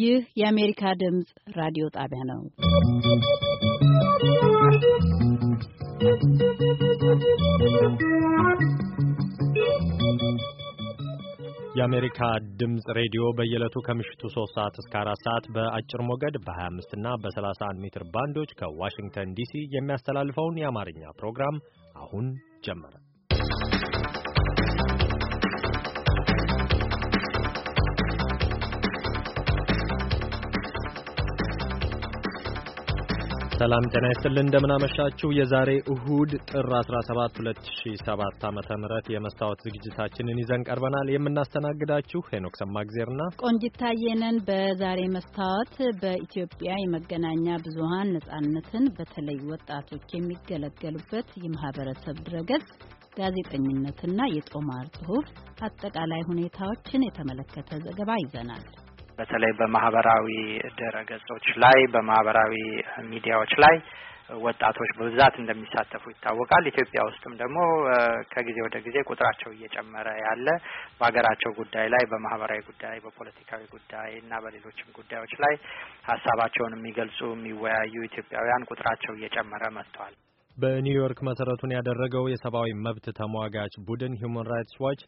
ይህ የአሜሪካ ድምፅ ራዲዮ ጣቢያ ነው። የአሜሪካ ድምፅ ሬዲዮ በየዕለቱ ከምሽቱ 3 ሰዓት እስከ 4 ሰዓት በአጭር ሞገድ በ25 እና በ31 ሜትር ባንዶች ከዋሽንግተን ዲሲ የሚያስተላልፈውን የአማርኛ ፕሮግራም አሁን ጀመረ። ሰላም ጤና ይስጥልን እንደምናመሻችሁ። የዛሬ እሁድ ጥር 17 2007 ዓ.ም የመስታወት ዝግጅታችንን ይዘን ቀርበናል። የምናስተናግዳችሁ ሄኖክ ሰማግዜርና ቆንጂት የነን። በዛሬ መስታወት በኢትዮጵያ የመገናኛ ብዙሃን ነጻነትን በተለይ ወጣቶች የሚገለገሉበት የማህበረሰብ ድረገጽ ጋዜጠኝነትና የጦማር ጽሁፍ አጠቃላይ ሁኔታዎችን የተመለከተ ዘገባ ይዘናል። በተለይ በማህበራዊ ድረ ገጾች ላይ በማህበራዊ ሚዲያዎች ላይ ወጣቶች በብዛት እንደሚሳተፉ ይታወቃል። ኢትዮጵያ ውስጥም ደግሞ ከጊዜ ወደ ጊዜ ቁጥራቸው እየጨመረ ያለ በሀገራቸው ጉዳይ ላይ በማህበራዊ ጉዳይ፣ በፖለቲካዊ ጉዳይ እና በሌሎችም ጉዳዮች ላይ ሀሳባቸውን የሚገልጹ የሚወያዩ ኢትዮጵያውያን ቁጥራቸው እየጨመረ መጥተዋል። በኒውዮርክ መሰረቱን ያደረገው የሰብአዊ መብት ተሟጋች ቡድን ሁማን ራይትስ ዋች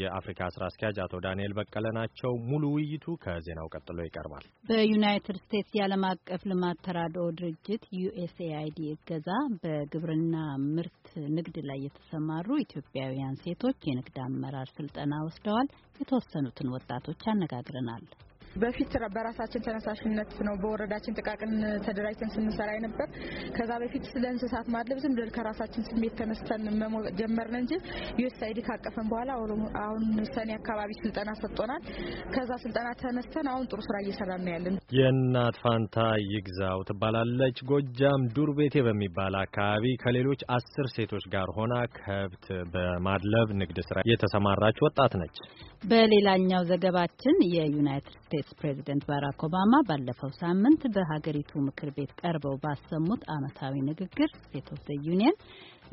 የአፍሪካ ስራ አስኪያጅ አቶ ዳንኤል በቀለ ናቸው። ሙሉ ውይይቱ ከዜናው ቀጥሎ ይቀርባል። በዩናይትድ ስቴትስ የዓለም አቀፍ ልማት ተራድኦ ድርጅት ዩኤስኤአይዲ እገዛ በግብርና ምርት ንግድ ላይ የተሰማሩ ኢትዮጵያውያን ሴቶች የንግድ አመራር ስልጠና ወስደዋል። የተወሰኑትን ወጣቶች አነጋግረናል። በፊት በራሳችን ተነሳሽነት ነው በወረዳችን ጥቃቅን ተደራጅተን ስንሰራ የነበር። ከዛ በፊት ስለ እንስሳት ማድለብ ዝም ብለን ከራሳችን ስሜት ተነስተን ጀመርን እንጂ ዩኤስአይዲ ካቀፈን በኋላ አሁን ሰኔ አካባቢ ስልጠና ሰጥቶናል። ከዛ ስልጠና ተነስተን አሁን ጥሩ ስራ እየሰራ ነው ያለን። የእናት ፋንታ ይግዛው ትባላለች። ጎጃም ዱር ቤቴ በሚባል አካባቢ ከሌሎች አስር ሴቶች ጋር ሆና ከብት በማድለብ ንግድ ስራ የተሰማራች ወጣት ነች። በሌላኛው ዘገባችን የዩናይትድ ስቴትስ ፕሬዝደንት ባራክ ኦባማ ባለፈው ሳምንት በሀገሪቱ ምክር ቤት ቀርበው ባሰሙት ዓመታዊ ንግግር ስቴት ኦፍ ዘ ዩኒየን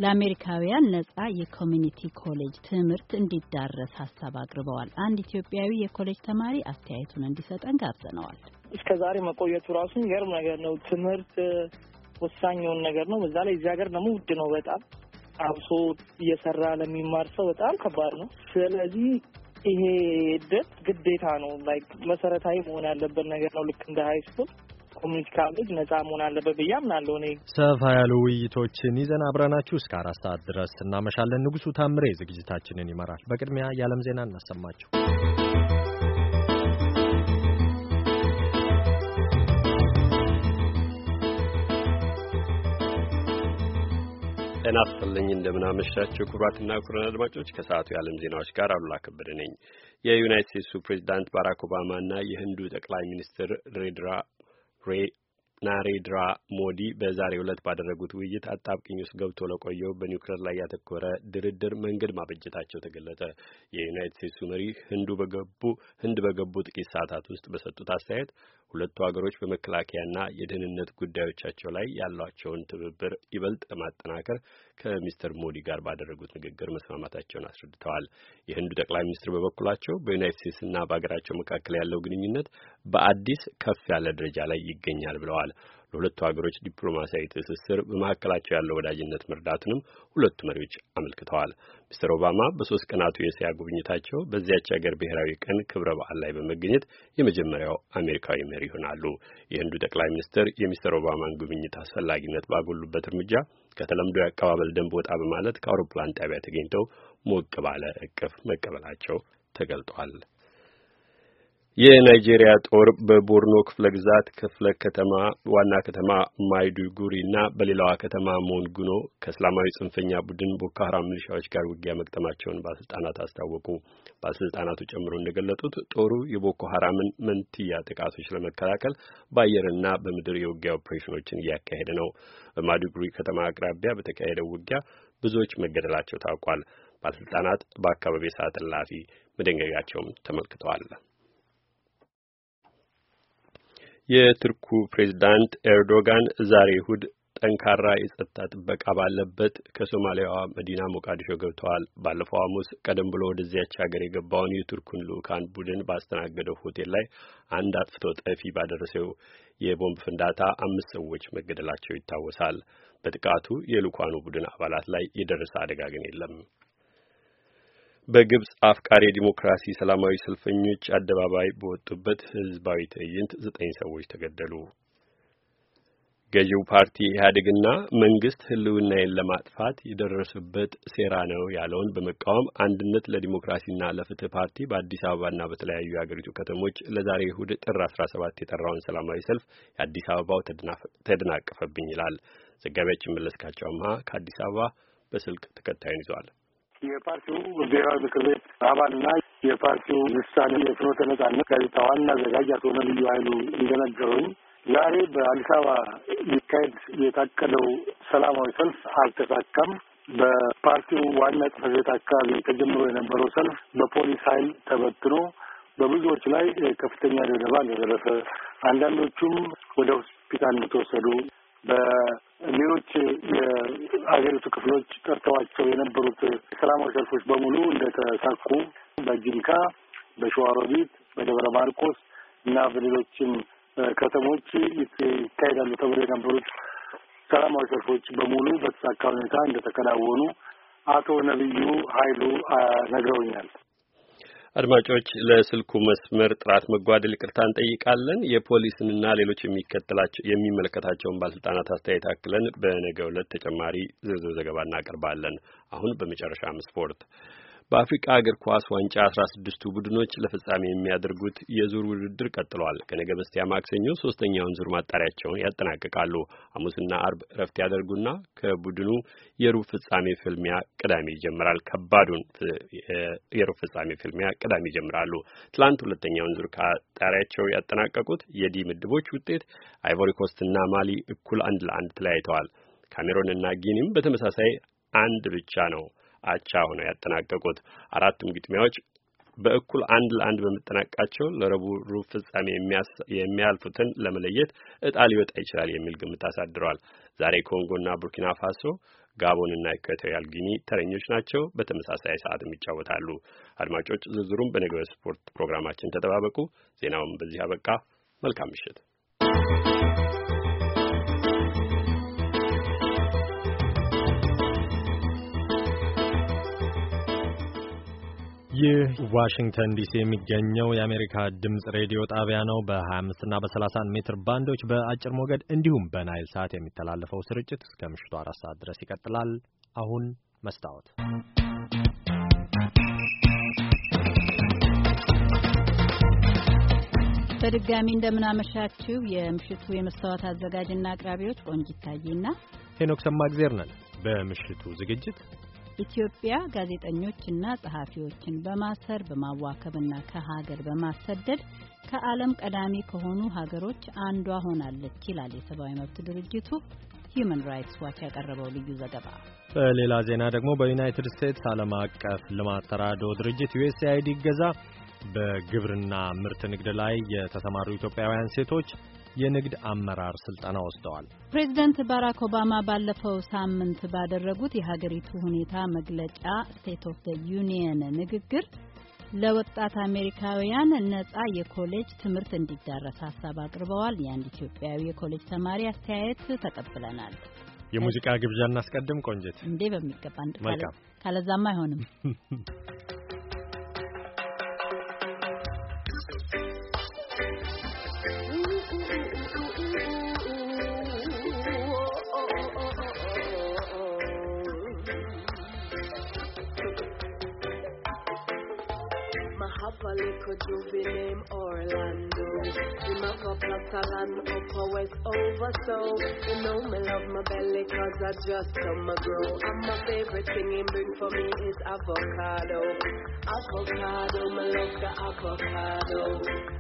ለአሜሪካውያን ነጻ የኮሚኒቲ ኮሌጅ ትምህርት እንዲዳረስ ሀሳብ አቅርበዋል። አንድ ኢትዮጵያዊ የኮሌጅ ተማሪ አስተያየቱን እንዲሰጠን ጋብዘነዋል። እስከ ዛሬ መቆየቱ ራሱ የሚገርም ነገር ነው። ትምህርት ወሳኝ የሆነ ነገር ነው። በዛ ላይ እዚህ ሀገር ደግሞ ውድ ነው በጣም አብሶ እየሰራ ለሚማር ሰው በጣም ከባድ ነው። ስለዚህ ይሄ እድል ግዴታ ነው። ላይክ መሰረታዊ መሆን ያለበት ነገር ነው። ልክ እንደ ሀይ ስኩል ኮሚኒቲ ካሌጅ ነጻ መሆን አለበት ብዬ አምናለሁ። እኔ ሰፋ ያሉ ውይይቶችን ይዘን አብረናችሁ እስከ አራት ሰዓት ድረስ እናመሻለን። ንጉሱ ታምሬ ዝግጅታችንን ይመራል። በቅድሚያ የዓለም ዜና እናሰማችሁ። ጤና ይስጥልኝ እንደምናመሻቸው ክቡራትና ክቡራን አድማጮች ከሰዓቱ የዓለም ዜናዎች ጋር አሉላ ከበደ ነኝ። የዩናይት ስቴትሱ ፕሬዚዳንት ባራክ ኦባማና የህንዱ ጠቅላይ ሚኒስትር ናሬድራ ሞዲ በዛሬው ዕለት ባደረጉት ውይይት አጣብቅኝ ውስጥ ገብቶ ለቆየው በኒውክሌር ላይ ያተኮረ ድርድር መንገድ ማበጀታቸው ተገለጠ። የዩናይት ስቴትሱ መሪ ህንዱ በገቡ ህንድ በገቡ ጥቂት ሰዓታት ውስጥ በሰጡት አስተያየት ሁለቱ ሀገሮች በመከላከያና የደህንነት ጉዳዮቻቸው ላይ ያሏቸውን ትብብር ይበልጥ ለማጠናከር ከሚስተር ሞዲ ጋር ባደረጉት ንግግር መስማማታቸውን አስረድተዋል። የህንዱ ጠቅላይ ሚኒስትር በበኩላቸው በዩናይት ስቴትስና በሀገራቸው መካከል ያለው ግንኙነት በአዲስ ከፍ ያለ ደረጃ ላይ ይገኛል ብለዋል። ለሁለቱ ሀገሮች ዲፕሎማሲያዊ ትስስር በመካከላቸው ያለው ወዳጅነት መርዳቱንም ሁለቱ መሪዎች አመልክተዋል። ሚስተር ኦባማ በሶስት ቀናቱ የእስያ ጉብኝታቸው በዚያች ሀገር ብሔራዊ ቀን ክብረ በዓል ላይ በመገኘት የመጀመሪያው አሜሪካዊ መሪ ይሆናሉ። የህንዱ ጠቅላይ ሚኒስትር የሚስተር ኦባማን ጉብኝት አስፈላጊነት ባጎሉበት እርምጃ ከተለምዶ የአቀባበል ደንብ ወጣ በማለት ከአውሮፕላን ጣቢያ ተገኝተው ሞቅ ባለ እቅፍ መቀበላቸው ተገልጧል። የናይጄሪያ ጦር በቦርኖ ክፍለ ግዛት ክፍለ ከተማ ዋና ከተማ ማይዱጉሪ እና በሌላዋ ከተማ ሞንጉኖ ከእስላማዊ ጽንፈኛ ቡድን ቦኮ ሀራም ሚሊሻዎች ጋር ውጊያ መቅጠማቸውን ባለስልጣናት አስታወቁ። ባለስልጣናቱ ጨምሮ እንደገለጡት ጦሩ የቦኮ ሀራምን መንትያ ጥቃቶች ለመከላከል በአየርና በምድር የውጊያ ኦፕሬሽኖችን እያካሄደ ነው። በማይዱጉሪ ከተማ አቅራቢያ በተካሄደው ውጊያ ብዙዎች መገደላቸው ታውቋል። ባለስልጣናት በአካባቢ ሰዓት እላፊ መደንገጋቸውም ተመልክተዋል። የቱርኩ ፕሬዝዳንት ኤርዶጋን ዛሬ እሁድ ጠንካራ የጸጥታ ጥበቃ ባለበት ከሶማሊያዋ መዲና ሞቃዲሾ ገብተዋል። ባለፈው ሐሙስ ቀደም ብሎ ወደዚያች ሀገር የገባውን የቱርኩን ልዑካን ቡድን ባስተናገደው ሆቴል ላይ አንድ አጥፍቶ ጠፊ ባደረሰው የቦምብ ፍንዳታ አምስት ሰዎች መገደላቸው ይታወሳል። በጥቃቱ የልዑካኑ ቡድን አባላት ላይ የደረሰ አደጋ ግን የለም። በግብጽ አፍቃሪ ዲሞክራሲ ሰላማዊ ሰልፈኞች አደባባይ በወጡበት ህዝባዊ ትዕይንት ዘጠኝ ሰዎች ተገደሉ። ገዢው ፓርቲ ኢህአዴግና መንግስት ህልውናዬን ለማጥፋት የደረሱበት ሴራ ነው ያለውን በመቃወም አንድነት ለዲሞክራሲና ለፍትህ ፓርቲ በአዲስ አበባና በተለያዩ የአገሪቱ ከተሞች ለዛሬ እሁድ ጥር 17 የጠራውን ሰላማዊ ሰልፍ የአዲስ አበባው ተደናቀፈብኝ ይላል ዘጋቢያችን መለስካቸው አምሃ ከአዲስ አበባ በስልክ ተከታዩን ይዟል። የፓርቲው ብሔራዊ ምክር ቤት አባልና የፓርቲው ውሳኔ የፍኖተ ነጻነት ጋዜጣ ዋና አዘጋጅ አቶ ነልዩ ኃይሉ እንደነገሩኝ ዛሬ በአዲስ አበባ ሊካሄድ የታቀደው ሰላማዊ ሰልፍ አልተሳካም። በፓርቲው ዋና ጽሕፈት ቤት አካባቢ ተጀምሮ የነበረው ሰልፍ በፖሊስ ኃይል ተበትኖ በብዙዎች ላይ ከፍተኛ ድብደባ እንደደረሰ አንዳንዶቹም ወደ ሆስፒታል እንደተወሰዱ በሌሎች የአገሪቱ ክፍሎች ጠርተዋቸው የነበሩት ሰላማዊ ሰልፎች በሙሉ እንደተሳኩ በጂንካ፣ በሸዋሮቢት፣ በደብረ ማርቆስ እና በሌሎችም ከተሞች ይካሄዳሉ ተብሎ የነበሩት ሰላማዊ ሰልፎች በሙሉ በተሳካ ሁኔታ እንደተከናወኑ አቶ ነቢዩ ኃይሉ ነግረውኛል። አድማጮች ለስልኩ መስመር ጥራት መጓደል ይቅርታ እንጠይቃለን። የፖሊስንና ሌሎች የሚከተላቸው የሚመለከታቸውን ባለስልጣናት አስተያየት አክለን በነገ ዕለት ተጨማሪ ዝርዝር ዘገባ እናቀርባለን። አሁን በመጨረሻም ስፖርት በአፍሪቃ እግር ኳስ ዋንጫ አስራ ስድስቱ ቡድኖች ለፍጻሜ የሚያደርጉት የዙር ውድድር ቀጥሏል። ከነገ በስቲያ ማክሰኞ ሶስተኛውን ዙር ማጣሪያቸውን ያጠናቅቃሉ። ሐሙስና አርብ እረፍት ያደርጉና ከቡድኑ የሩብ ፍጻሜ ፍልሚያ ቅዳሜ ይጀምራል። ከባዱን የሩብ ፍጻሜ ፍልሚያ ቅዳሜ ይጀምራሉ። ትላንት ሁለተኛውን ዙር ከጣሪያቸው ያጠናቀቁት የዲ ምድቦች ውጤት አይቮሪኮስትና ማሊ እኩል አንድ ለአንድ ተለያይተዋል። ካሜሮንና ጊኒም በተመሳሳይ አንድ ብቻ ነው አቻ ሆነው ያጠናቀቁት። አራቱም ግጥሚያዎች በእኩል አንድ ለአንድ በመጠናቀቃቸው ለረቡዕ ሩብ ፍጻሜ የሚያልፉትን ለመለየት እጣ ሊወጣ ይችላል የሚል ግምት አሳድረዋል። ዛሬ ኮንጎና ቡርኪና ፋሶ፣ ጋቦን እና ኢኳቶሪያል ጊኒ ተረኞች ናቸው። በተመሳሳይ ሰዓትም ይጫወታሉ። አድማጮች ዝርዝሩም በነገ ስፖርት ፕሮግራማችን ተጠባበቁ። ዜናውም በዚህ አበቃ። መልካም ምሽት። ይህ ዋሽንግተን ዲሲ የሚገኘው የአሜሪካ ድምፅ ሬዲዮ ጣቢያ ነው። በ25 እና በ31 ሜትር ባንዶች በአጭር ሞገድ እንዲሁም በናይል ሰዓት የሚተላለፈው ስርጭት እስከ ምሽቱ አራት ሰዓት ድረስ ይቀጥላል። አሁን መስታወት በድጋሚ እንደምናመሻችው የምሽቱ የመስታወት አዘጋጅና አቅራቢዎች ቆንጅ ይታይና ሄኖክ ሰማግዜር ነን። በምሽቱ ዝግጅት ኢትዮጵያ ጋዜጠኞችና ጸሐፊዎችን በማሰር በማዋከብና ከሀገር በማሰደድ ከዓለም ቀዳሚ ከሆኑ ሀገሮች አንዷ ሆናለች ይላል የሰብአዊ መብት ድርጅቱ ሂዩማን ራይትስ ዋች ያቀረበው ልዩ ዘገባ። በሌላ ዜና ደግሞ በዩናይትድ ስቴትስ ዓለም አቀፍ ልማት ተራድኦ ድርጅት ዩኤስኤአይዲ ይገዛ በግብርና ምርት ንግድ ላይ የተሰማሩ ኢትዮጵያውያን ሴቶች የንግድ አመራር ስልጠና ወስደዋል። ፕሬዚደንት ባራክ ኦባማ ባለፈው ሳምንት ባደረጉት የሀገሪቱ ሁኔታ መግለጫ ስቴት ኦፍ ዘ ዩኒየን ንግግር ለወጣት አሜሪካውያን ነጻ የኮሌጅ ትምህርት እንዲዳረስ ሀሳብ አቅርበዋል። የአንድ ኢትዮጵያዊ የኮሌጅ ተማሪ አስተያየት ተቀብለናል። የሙዚቃ ግብዣ እናስቀድም። ቆንጀት እንዴ! በሚገባ እንድ ካለዛማ አይሆንም። up a little juvie named Orlando. Him a couple of salon upper west over so. You know me love my belly cause I just summer grow. And my favorite thing he bring for me is avocado. Avocado, me love the avocado.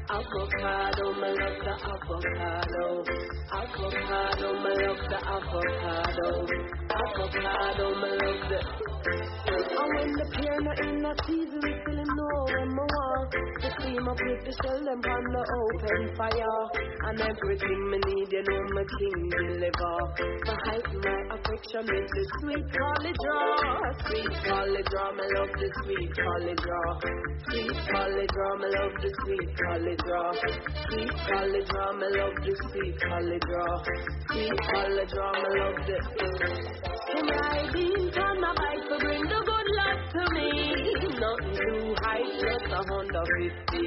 Avocado, me love the avocado. Avocado, me love the avocado. Avocado, me love the and when the pair not in the season, still no know when my want. To clean up with the shell, them on the open fire. And everything me need, you know my king deliver. My height, my affection, it's a sweet collie draw. Sweet collie draw, my love the sweet collie draw. Sweet collie draw, my love the sweet collie draw. Sweet collie draw, my love the sweet collie draw. Sweet collie draw, my love the. Can I be on my bike? bring the good luck to me. Nothing too high, just a hundred fifty.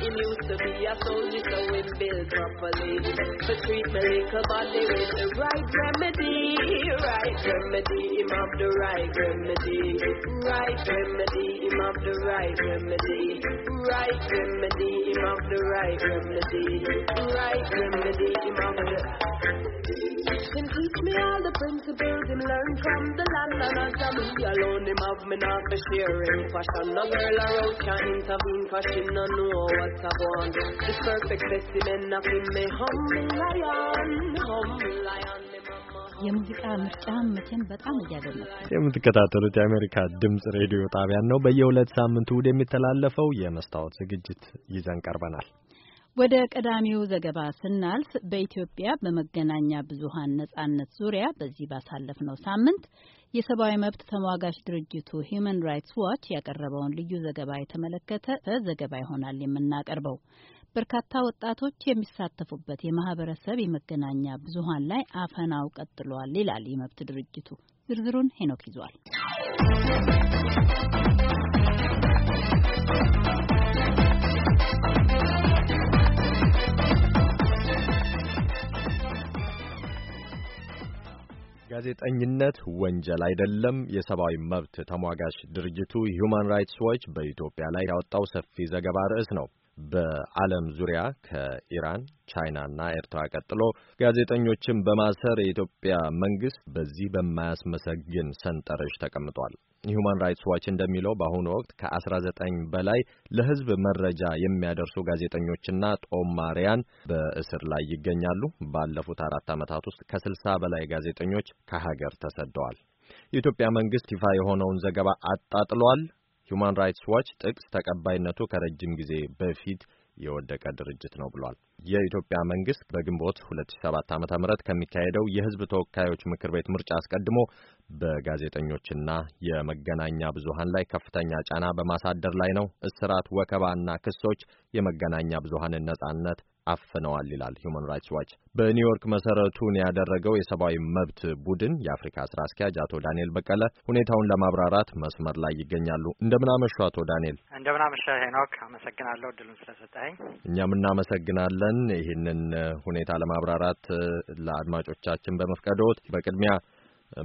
Him used to be a soldier, so him built properly. To treat my little body with the right remedy, right remedy. Him have the right remedy, right remedy. Him have the right remedy, right remedy. Him have the right remedy, right remedy. Him have the can teach me all the principles him learn from the land and as a me alone him have me not for sharing fashion. No girl around can intervene cause she no know what's a want. This perfect specimen of him me humble lion, humble lion. የሙዚቃ ምርጫ መቼም በጣም እያደነኩ የምትከታተሉት የአሜሪካ ድምጽ ሬዲዮ ጣቢያን ነው። በየሁለት ሳምንቱ እሁድ የሚተላለፈው የመስታወት ዝግጅት ይዘን ቀርበናል። ወደ ቀዳሚው ዘገባ ስናልፍ በኢትዮጵያ በመገናኛ ብዙሃን ነጻነት ዙሪያ በዚህ ባሳለፍነው ሳምንት የሰብአዊ መብት ተሟጋች ድርጅቱ ሂዩማን ራይትስ ዋች ያቀረበውን ልዩ ዘገባ የተመለከተ ዘገባ ይሆናል የምናቀርበው። በርካታ ወጣቶች የሚሳተፉበት የማህበረሰብ የመገናኛ ብዙሃን ላይ አፈናው ቀጥሏል ይላል የመብት ድርጅቱ። ዝርዝሩን ሄኖክ ይዟል። ጋዜጠኝነት ወንጀል አይደለም። የሰብአዊ መብት ተሟጋች ድርጅቱ ሂዩማን ራይትስ ዎች በኢትዮጵያ ላይ ያወጣው ሰፊ ዘገባ ርዕስ ነው። በዓለም ዙሪያ ከኢራን ቻይናና ኤርትራ ቀጥሎ ጋዜጠኞችን በማሰር የኢትዮጵያ መንግስት በዚህ በማያስመሰግን ሰንጠረዥ ተቀምጧል። ሁማን ራይትስ ዋች እንደሚለው በአሁኑ ወቅት ከ19 በላይ ለህዝብ መረጃ የሚያደርሱ ጋዜጠኞችና ጦማሪያን በእስር ላይ ይገኛሉ። ባለፉት አራት ዓመታት ውስጥ ከ60 በላይ ጋዜጠኞች ከሀገር ተሰደዋል። የኢትዮጵያ መንግስት ይፋ የሆነውን ዘገባ አጣጥሏል። ሁማን ራይትስ ዋች ጥቅስ ተቀባይነቱ ከረጅም ጊዜ በፊት የወደቀ ድርጅት ነው ብሏል። የኢትዮጵያ መንግስት በግንቦት 2007 ዓ.ም ከሚካሄደው የህዝብ ተወካዮች ምክር ቤት ምርጫ አስቀድሞ በጋዜጠኞችና የመገናኛ ብዙሃን ላይ ከፍተኛ ጫና በማሳደር ላይ ነው። እስራት፣ ወከባና ክሶች የመገናኛ ብዙሃንን ነጻነት አፍነዋል ይላል ሁማን ራይትስ ዋች። በኒውዮርክ መሰረቱን ያደረገው የሰብአዊ መብት ቡድን የአፍሪካ ስራ አስኪያጅ አቶ ዳንኤል በቀለ ሁኔታውን ለማብራራት መስመር ላይ ይገኛሉ። እንደምናመሹ አቶ ዳንኤል። እንደምናመሻ ሄኖክ፣ አመሰግናለሁ እድሉን ስለሰጠኸኝ። እኛም እናመሰግናለን ይህንን ሁኔታ ለማብራራት ለአድማጮቻችን በመፍቀዶት በቅድሚያ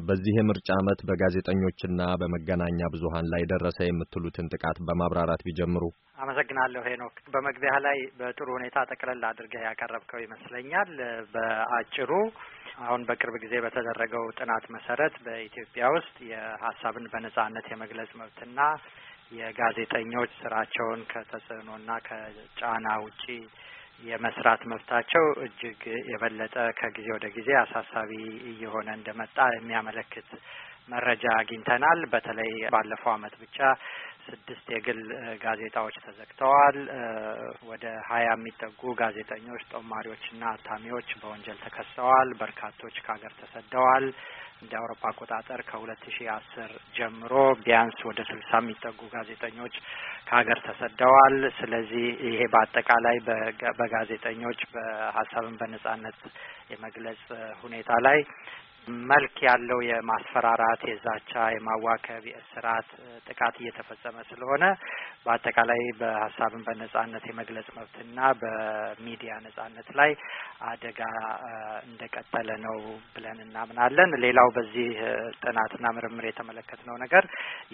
በዚህ የምርጫ ዓመት በጋዜጠኞችና በመገናኛ ብዙሃን ላይ ደረሰ የምትሉትን ጥቃት በማብራራት ቢጀምሩ። አመሰግናለሁ ሄኖክ። በመግቢያ ላይ በጥሩ ሁኔታ ጠቅለል አድርገህ ያቀረብከው ይመስለኛል። በአጭሩ አሁን በቅርብ ጊዜ በተደረገው ጥናት መሰረት በኢትዮጵያ ውስጥ የሀሳብን በነጻነት የመግለጽ መብትና የጋዜጠኞች ስራቸውን ከተጽዕኖና ከጫና ውጪ የመስራት መብታቸው እጅግ የበለጠ ከጊዜ ወደ ጊዜ አሳሳቢ እየሆነ እንደመጣ የሚያመለክት መረጃ አግኝተናል። በተለይ ባለፈው አመት ብቻ ስድስት የግል ጋዜጣዎች ተዘግተዋል። ወደ ሀያ የሚጠጉ ጋዜጠኞች፣ ጦማሪዎችና አታሚዎች በወንጀል ተከሰዋል። በርካቶች ከሀገር ተሰደዋል። እንደ አውሮፓ አቆጣጠር ከሁለት ሺ አስር ጀምሮ ቢያንስ ወደ ስልሳ የሚጠጉ ጋዜጠኞች ከሀገር ተሰደዋል። ስለዚህ ይሄ በአጠቃላይ በጋዜጠኞች በሀሳብን በነጻነት የመግለጽ ሁኔታ ላይ መልክ ያለው የማስፈራራት፣ የዛቻ፣ የማዋከብ፣ የእስራት ጥቃት እየተፈጸመ ስለሆነ በአጠቃላይ በሀሳብን በነጻነት የመግለጽ መብትና በሚዲያ ነጻነት ላይ አደጋ እንደቀጠለ ነው ብለን እናምናለን። ሌላው በዚህ ጥናትና ምርምር የተመለከትነው ነገር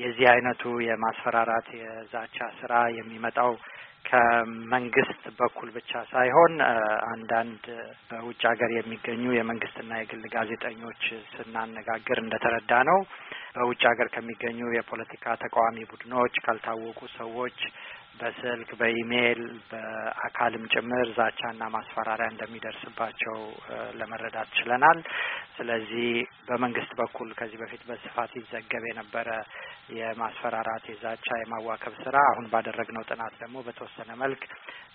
የዚህ አይነቱ የማስፈራራት የዛቻ ስራ የሚመጣው ከመንግስት በኩል ብቻ ሳይሆን አንዳንድ በውጭ ሀገር የሚገኙ የመንግስትና የግል ጋዜጠኞች ስናነጋግር እንደተረዳ ነው በውጭ ሀገር ከሚገኙ የፖለቲካ ተቃዋሚ ቡድኖች፣ ካልታወቁ ሰዎች በስልክ በኢሜይል በአካልም ጭምር ዛቻና ማስፈራሪያ እንደሚደርስባቸው ለመረዳት ችለናል። ስለዚህ በመንግስት በኩል ከዚህ በፊት በስፋት ይዘገብ የነበረ የማስፈራራት የዛቻ የማዋከብ ስራ አሁን ባደረግነው ጥናት ደግሞ በተወሰነ መልክ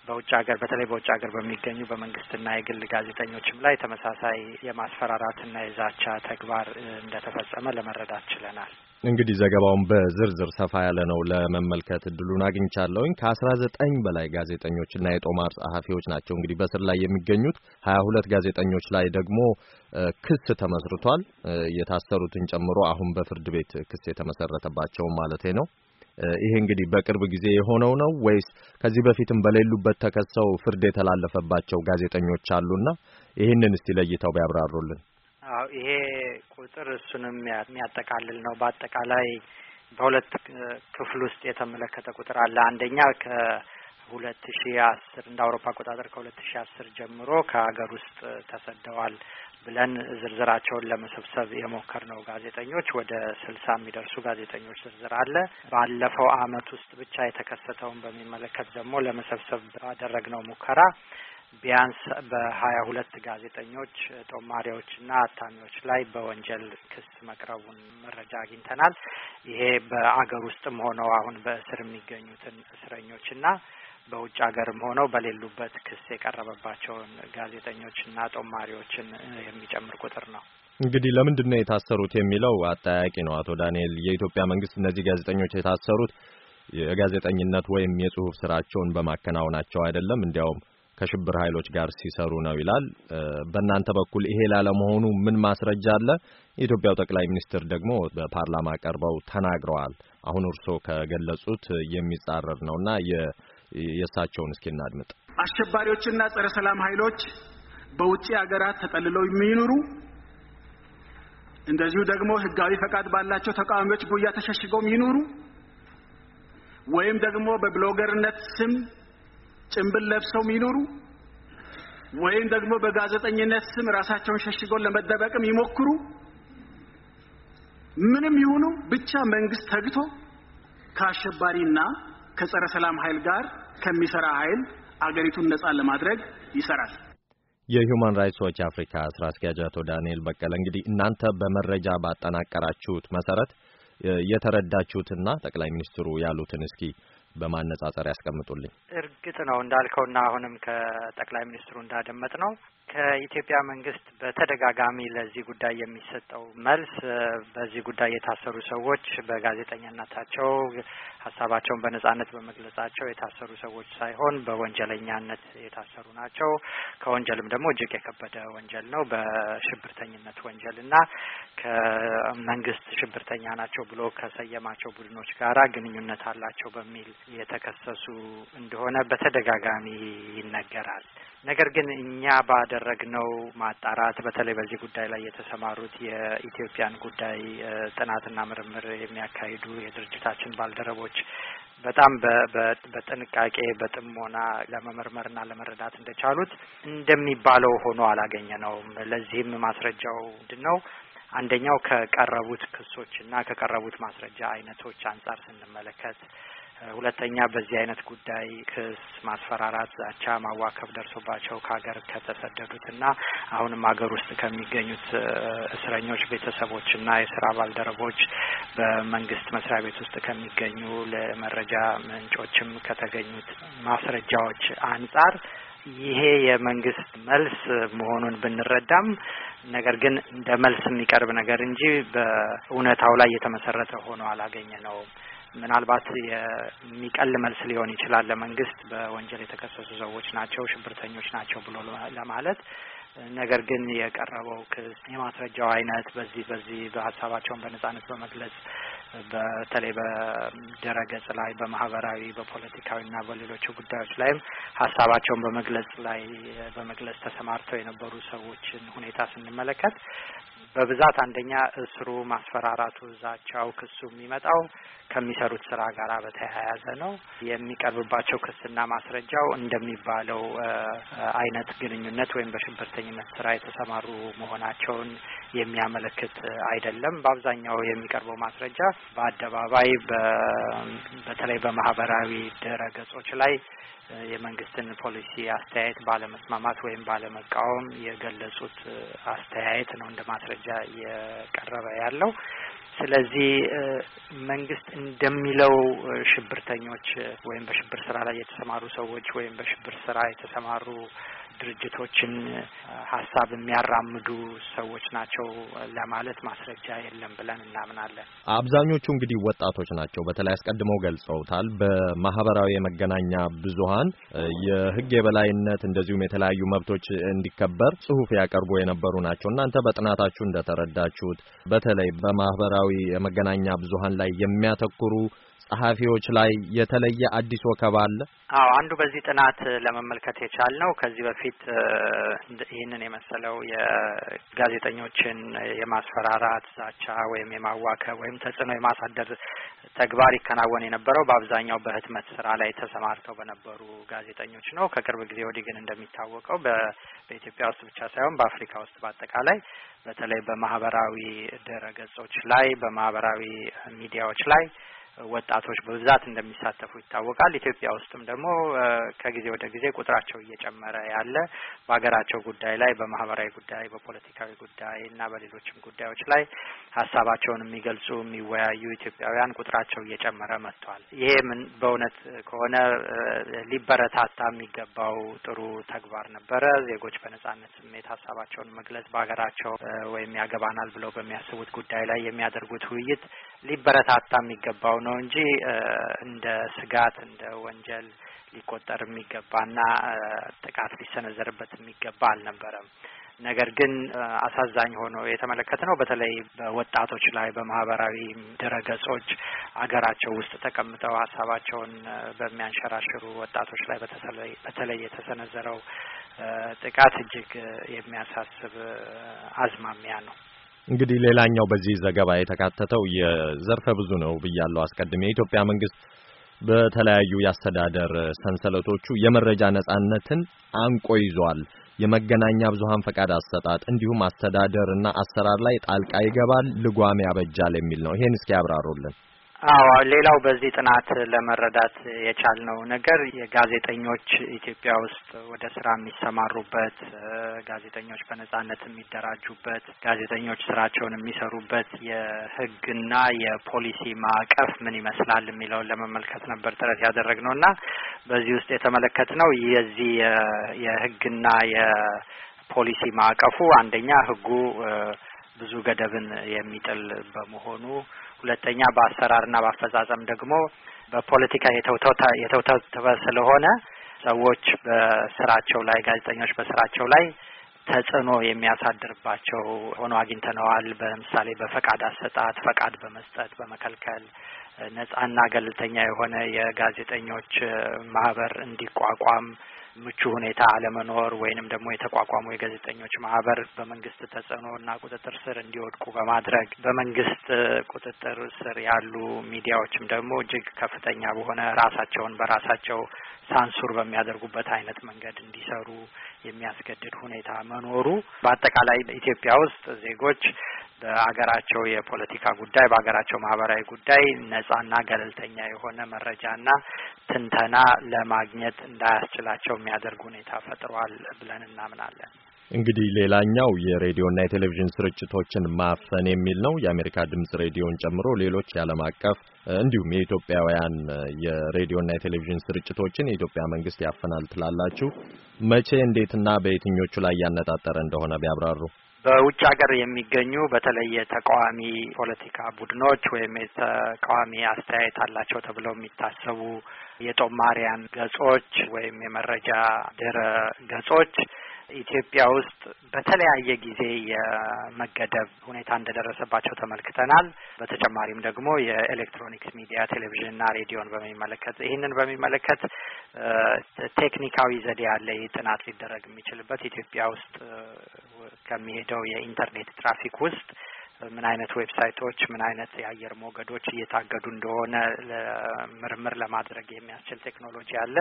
በውጭ ሀገር በተለይ በውጭ ሀገር በሚገኙ በመንግስትና የግል ጋዜጠኞችም ላይ ተመሳሳይ የማስፈራራትና የዛቻ ተግባር እንደተፈጸመ ለመረዳት ችለናል። እንግዲህ ዘገባውን በዝርዝር ሰፋ ያለ ነው ለመመልከት እድሉን አግኝቻለሁኝ። ከአስራ ዘጠኝ በላይ ጋዜጠኞችና የጦማር ጸሐፊዎች ናቸው እንግዲህ በስር ላይ የሚገኙት። ሀያ ሁለት ጋዜጠኞች ላይ ደግሞ ክስ ተመስርቷል። የታሰሩትን ጨምሮ አሁን በፍርድ ቤት ክስ የተመሰረተባቸው ማለቴ ነው። ይሄ እንግዲህ በቅርብ ጊዜ የሆነው ነው ወይስ ከዚህ በፊትም በሌሉበት ተከሰው ፍርድ የተላለፈባቸው ጋዜጠኞች አሉና ይህንን እስቲ ለይተው ቢያብራሩልን። አዎ ይሄ ቁጥር እሱንም የሚያጠቃልል ነው። በአጠቃላይ በሁለት ክፍል ውስጥ የተመለከተ ቁጥር አለ። አንደኛ ከሁለት ሺ አስር እንደ አውሮፓ አቆጣጠር ከሁለት ሺ አስር ጀምሮ ከሀገር ውስጥ ተሰደዋል ብለን ዝርዝራቸውን ለመሰብሰብ የሞከር ነው ጋዜጠኞች ወደ ስልሳ የሚደርሱ ጋዜጠኞች ዝርዝር አለ። ባለፈው አመት ውስጥ ብቻ የተከሰተውን በሚመለከት ደግሞ ለመሰብሰብ ባደረግነው ሙከራ ቢያንስ በሀያ ሁለት ጋዜጠኞች ጦማሪዎችና አታሚዎች ላይ በወንጀል ክስ መቅረቡን መረጃ አግኝተናል። ይሄ በአገር ውስጥም ሆነው አሁን በእስር የሚገኙትን እስረኞችና በውጭ ሀገርም ሆነው በሌሉበት ክስ የቀረበባቸውን ጋዜጠኞችና ጦማሪዎችን የሚጨምር ቁጥር ነው። እንግዲህ ለምንድን ነው የታሰሩት የሚለው አጠያቂ ነው። አቶ ዳንኤል፣ የኢትዮጵያ መንግስት እነዚህ ጋዜጠኞች የታሰሩት የጋዜጠኝነት ወይም የጽሁፍ ስራቸውን በማከናወናቸው አይደለም እንዲያውም ከሽብር ኃይሎች ጋር ሲሰሩ ነው ይላል። በእናንተ በኩል ይሄ ላለመሆኑ ምን ማስረጃ አለ? የኢትዮጵያው ጠቅላይ ሚኒስትር ደግሞ በፓርላማ ቀርበው ተናግረዋል። አሁን እርስዎ ከገለጹት የሚጻረር ነውና የእሳቸውን እስኪ እናድምጥ። አሸባሪዎችና ጸረ ሰላም ኃይሎች በውጭ ሀገራት ተጠልለው የሚኖሩ እንደዚሁ ደግሞ ሕጋዊ ፈቃድ ባላቸው ተቃዋሚዎች ጉያ ተሸሽገው የሚኖሩ ወይም ደግሞ በብሎገርነት ስም ጭንብል ለብሰው ይኖሩ ወይም ደግሞ በጋዜጠኝነት ስም ራሳቸውን ሸሽገው ለመደበቅም ይሞክሩ፣ ምንም ይሁኑ ብቻ መንግስት ተግቶ ከአሸባሪና ከጸረ ሰላም ኃይል ጋር ከሚሰራ ኃይል አገሪቱን ነጻ ለማድረግ ይሰራል። የሁማን ራይትስ ዎች አፍሪካ ስራ አስኪያጅ አቶ ዳንኤል በቀለ፣ እንግዲህ እናንተ በመረጃ ባጠናቀራችሁት መሰረት የተረዳችሁትና ጠቅላይ ሚኒስትሩ ያሉትን እስኪ በማነጻጸር ያስቀምጡልኝ። እርግጥ ነው እንዳልከውና አሁንም ከጠቅላይ ሚኒስትሩ እንዳደመጥ ነው ከኢትዮጵያ መንግስት በተደጋጋሚ ለዚህ ጉዳይ የሚሰጠው መልስ በዚህ ጉዳይ የታሰሩ ሰዎች በጋዜጠኛነታቸው ሀሳባቸውን በነጻነት በመግለጻቸው የታሰሩ ሰዎች ሳይሆን በወንጀለኛነት የታሰሩ ናቸው። ከወንጀልም ደግሞ እጅግ የከበደ ወንጀል ነው፣ በሽብርተኝነት ወንጀል እና ከመንግስት ሽብርተኛ ናቸው ብሎ ከሰየማቸው ቡድኖች ጋር ግንኙነት አላቸው በሚል የተከሰሱ እንደሆነ በተደጋጋሚ ይነገራል። ነገር ግን እኛ ባደ ያደረግነው ማጣራት በተለይ በዚህ ጉዳይ ላይ የተሰማሩት የኢትዮጵያን ጉዳይ ጥናትና ምርምር የሚያካሂዱ የድርጅታችን ባልደረቦች በጣም በጥንቃቄ በጥሞና ለመመርመርና ለመረዳት እንደቻሉት እንደሚባለው ሆኖ አላገኘ ነውም። ለዚህም ማስረጃው ምንድን ነው? አንደኛው ከቀረቡት ክሶችና ከቀረቡት ማስረጃ አይነቶች አንጻር ስንመለከት ሁለተኛ በዚህ አይነት ጉዳይ ክስ፣ ማስፈራራት፣ ዛቻ፣ ማዋከብ ደርሶባቸው ከሀገር ከተሰደዱት እና አሁንም ሀገር ውስጥ ከሚገኙት እስረኞች ቤተሰቦች እና የስራ ባልደረቦች በመንግስት መስሪያ ቤት ውስጥ ከሚገኙ ለመረጃ ምንጮችም ከተገኙት ማስረጃዎች አንጻር ይሄ የመንግስት መልስ መሆኑን ብንረዳም ነገር ግን እንደ መልስ የሚቀርብ ነገር እንጂ በእውነታው ላይ የተመሰረተ ሆኖ አላገኘ ነውም። ምናልባት የሚቀል መልስ ሊሆን ይችላል ለመንግስት በወንጀል የተከሰሱ ሰዎች ናቸው፣ ሽብርተኞች ናቸው ብሎ ለማለት ነገር ግን የቀረበው ክስ የማስረጃው አይነት በዚህ በዚህ በሀሳባቸውን በነጻነት በመግለጽ በተለይ በደረገጽ ላይ በማህበራዊ በፖለቲካዊና በሌሎቹ ጉዳዮች ላይም ሀሳባቸውን በመግለጽ ላይ በመግለጽ ተሰማርተው የነበሩ ሰዎችን ሁኔታ ስንመለከት በብዛት አንደኛ እስሩ፣ ማስፈራራቱ፣ ዛቻው፣ ክሱ የሚመጣው ከሚሰሩት ስራ ጋር በተያያዘ ነው። የሚቀርብባቸው ክስና ማስረጃው እንደሚባለው አይነት ግንኙነት ወይም በሽብርተኝነት ስራ የተሰማሩ መሆናቸውን የሚያመለክት አይደለም። በአብዛኛው የሚቀርበው ማስረጃ በአደባባይ በተለይ በማህበራዊ ድረ ገጾች ላይ የመንግስትን ፖሊሲ አስተያየት ባለመስማማት ወይም ባለመቃወም የገለጹት አስተያየት ነው እንደ ማስረጃ እየቀረበ ያለው። ስለዚህ መንግስት እንደሚለው ሽብርተኞች ወይም በሽብር ስራ ላይ የተሰማሩ ሰዎች ወይም በሽብር ስራ የተሰማሩ ድርጅቶችን ሀሳብ የሚያራምዱ ሰዎች ናቸው ለማለት ማስረጃ የለም ብለን እናምናለን። አብዛኞቹ እንግዲህ ወጣቶች ናቸው። በተለይ አስቀድመው ገልጸውታል። በማህበራዊ የመገናኛ ብዙሀን የህግ የበላይነት እንደዚሁም የተለያዩ መብቶች እንዲከበር ጽሁፍ ያቀርቡ የነበሩ ናቸው። እናንተ በጥናታችሁ እንደተረዳችሁት በተለይ በማህበራዊ የመገናኛ ብዙሀን ላይ የሚያተኩሩ ጸሐፊዎች ላይ የተለየ አዲስ ወከባ አለ? አዎ፣ አንዱ በዚህ ጥናት ለመመልከት የቻልነው ከዚህ በፊት ይህንን የመሰለው የጋዜጠኞችን የማስፈራራት ዛቻ፣ ወይም የማዋከብ ወይም ተጽዕኖ የማሳደር ተግባር ይከናወን የነበረው በአብዛኛው በህትመት ስራ ላይ ተሰማርተው በነበሩ ጋዜጠኞች ነው። ከቅርብ ጊዜ ወዲህ ግን እንደሚታወቀው በኢትዮጵያ ውስጥ ብቻ ሳይሆን በአፍሪካ ውስጥ በአጠቃላይ በተለይ በማህበራዊ ድረ ገጾች ላይ በማህበራዊ ሚዲያዎች ላይ ወጣቶች በብዛት እንደሚሳተፉ ይታወቃል። ኢትዮጵያ ውስጥም ደግሞ ከጊዜ ወደ ጊዜ ቁጥራቸው እየጨመረ ያለ በሀገራቸው ጉዳይ ላይ በማህበራዊ ጉዳይ፣ በፖለቲካዊ ጉዳይ እና በሌሎችም ጉዳዮች ላይ ሀሳባቸውን የሚገልጹ የሚወያዩ ኢትዮጵያውያን ቁጥራቸው እየጨመረ መጥቷል። ይሄ ምን በእውነት ከሆነ ሊበረታታ የሚገባው ጥሩ ተግባር ነበረ። ዜጎች በነጻነት ስሜት ሀሳባቸውን መግለጽ በሀገራቸው ወይም ያገባናል ብለው በሚያስቡት ጉዳይ ላይ የሚያደርጉት ውይይት ሊበረታታ የሚገባው ነው እንጂ እንደ ስጋት እንደ ወንጀል ሊቆጠር የሚገባና ጥቃት ሊሰነዘርበት የሚገባ አልነበረም። ነገር ግን አሳዛኝ ሆኖ ነው። በተለይ በወጣቶች ላይ በማህበራዊ ድረገጾች አገራቸው ውስጥ ተቀምጠው ሀሳባቸውን በሚያንሸራሽሩ ወጣቶች ላይ በተለይ የተሰነዘረው ጥቃት እጅግ የሚያሳስብ አዝማሚያ ነው። እንግዲህ ሌላኛው በዚህ ዘገባ የተካተተው የዘርፈ ብዙ ነው ብያለሁ አስቀድሜ። የኢትዮጵያ መንግስት በተለያዩ የአስተዳደር ሰንሰለቶቹ የመረጃ ነጻነትን አንቆ ይዟል። የመገናኛ ብዙሃን ፈቃድ አሰጣጥ እንዲሁም አስተዳደር እና አሰራር ላይ ጣልቃ ይገባል፣ ልጓም ያበጃል የሚል ነው። ይሄን እስኪ ያብራሩልን። አዎ ሌላው በዚህ ጥናት ለመረዳት የቻልነው ነገር የጋዜጠኞች ኢትዮጵያ ውስጥ ወደ ስራ የሚሰማሩበት፣ ጋዜጠኞች በነጻነት የሚደራጁበት፣ ጋዜጠኞች ስራቸውን የሚሰሩበት የህግና የፖሊሲ ማዕቀፍ ምን ይመስላል የሚለውን ለመመልከት ነበር ጥረት ያደረግነው እና በዚህ ውስጥ የተመለከትነው የዚህ የህግና የፖሊሲ ማዕቀፉ አንደኛ ህጉ ብዙ ገደብን የሚጥል በመሆኑ ሁለተኛ በአሰራርና በአፈጻጸም ደግሞ በፖለቲካ የተውተተበ ስለሆነ ሰዎች በስራቸው ላይ ጋዜጠኞች በስራቸው ላይ ተጽዕኖ የሚያሳድርባቸው ሆኖ አግኝተነዋል። በምሳሌ በፈቃድ አሰጣት፣ ፈቃድ በመስጠት በመከልከል ነጻና ገለልተኛ የሆነ የጋዜጠኞች ማህበር እንዲቋቋም ምቹ ሁኔታ አለመኖር ወይንም ደግሞ የተቋቋሙ የጋዜጠኞች ማህበር በመንግስት ተጽዕኖ እና ቁጥጥር ስር እንዲወድቁ በማድረግ በመንግስት ቁጥጥር ስር ያሉ ሚዲያዎችም ደግሞ እጅግ ከፍተኛ በሆነ ራሳቸውን በራሳቸው ሳንሱር በሚያደርጉበት አይነት መንገድ እንዲሰሩ የሚያስገድድ ሁኔታ መኖሩ በአጠቃላይ ኢትዮጵያ ውስጥ ዜጎች በሀገራቸው የፖለቲካ ጉዳይ በሀገራቸው ማህበራዊ ጉዳይ ነጻና ገለልተኛ የሆነ መረጃና ትንተና ለማግኘት እንዳያስችላቸው የሚያደርግ ሁኔታ ፈጥሯል ብለን እናምናለን። እንግዲህ ሌላኛው የሬዲዮና የቴሌቪዥን ስርጭቶችን ማፈን የሚል ነው። የአሜሪካ ድምጽ ሬዲዮን ጨምሮ ሌሎች የዓለም አቀፍ እንዲሁም የኢትዮጵያውያን የሬዲዮና የቴሌቪዥን ስርጭቶችን የኢትዮጵያ መንግስት ያፈናል ትላላችሁ? መቼ፣ እንዴትና በየትኞቹ ላይ ያነጣጠረ እንደሆነ ቢያብራሩ። በውጭ ሀገር የሚገኙ በተለየ ተቃዋሚ ፖለቲካ ቡድኖች ወይም የተቃዋሚ አስተያየት አላቸው ተብለው የሚታሰቡ የጦማሪያን ገጾች ወይም የመረጃ ድረ ገጾች ኢትዮጵያ ውስጥ በተለያየ ጊዜ የመገደብ ሁኔታ እንደደረሰባቸው ተመልክተናል። በተጨማሪም ደግሞ የኤሌክትሮኒክስ ሚዲያ ቴሌቪዥንና ሬዲዮን በሚመለከት ይህንን በሚመለከት ቴክኒካዊ ዘዴ ያለ ይህ ጥናት ሊደረግ የሚችልበት ኢትዮጵያ ውስጥ ከሚሄደው የኢንተርኔት ትራፊክ ውስጥ ምን አይነት ዌብሳይቶች፣ ምን አይነት የአየር ሞገዶች እየታገዱ እንደሆነ ምርምር ለማድረግ የሚያስችል ቴክኖሎጂ አለ።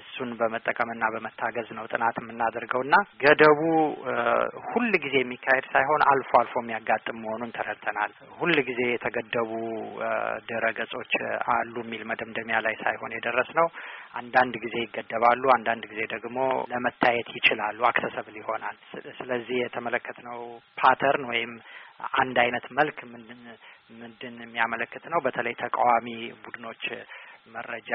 እሱን በመጠቀምና በመታገዝ ነው ጥናት የምናደርገው እና ገደቡ ሁል ጊዜ የሚካሄድ ሳይሆን አልፎ አልፎ የሚያጋጥም መሆኑን ተረድተናል። ሁል ጊዜ የተገደቡ ድረ ገጾች አሉ የሚል መደምደሚያ ላይ ሳይሆን የደረስ ነው። አንዳንድ ጊዜ ይገደባሉ፣ አንዳንድ ጊዜ ደግሞ ለመታየት ይችላሉ፣ አክሰሰብል ይሆናል። ስለዚህ የተመለከትነው ፓተርን ወይም አንድ አይነት መልክ ምንድን ምንድን የሚያመለክት ነው። በተለይ ተቃዋሚ ቡድኖች መረጃ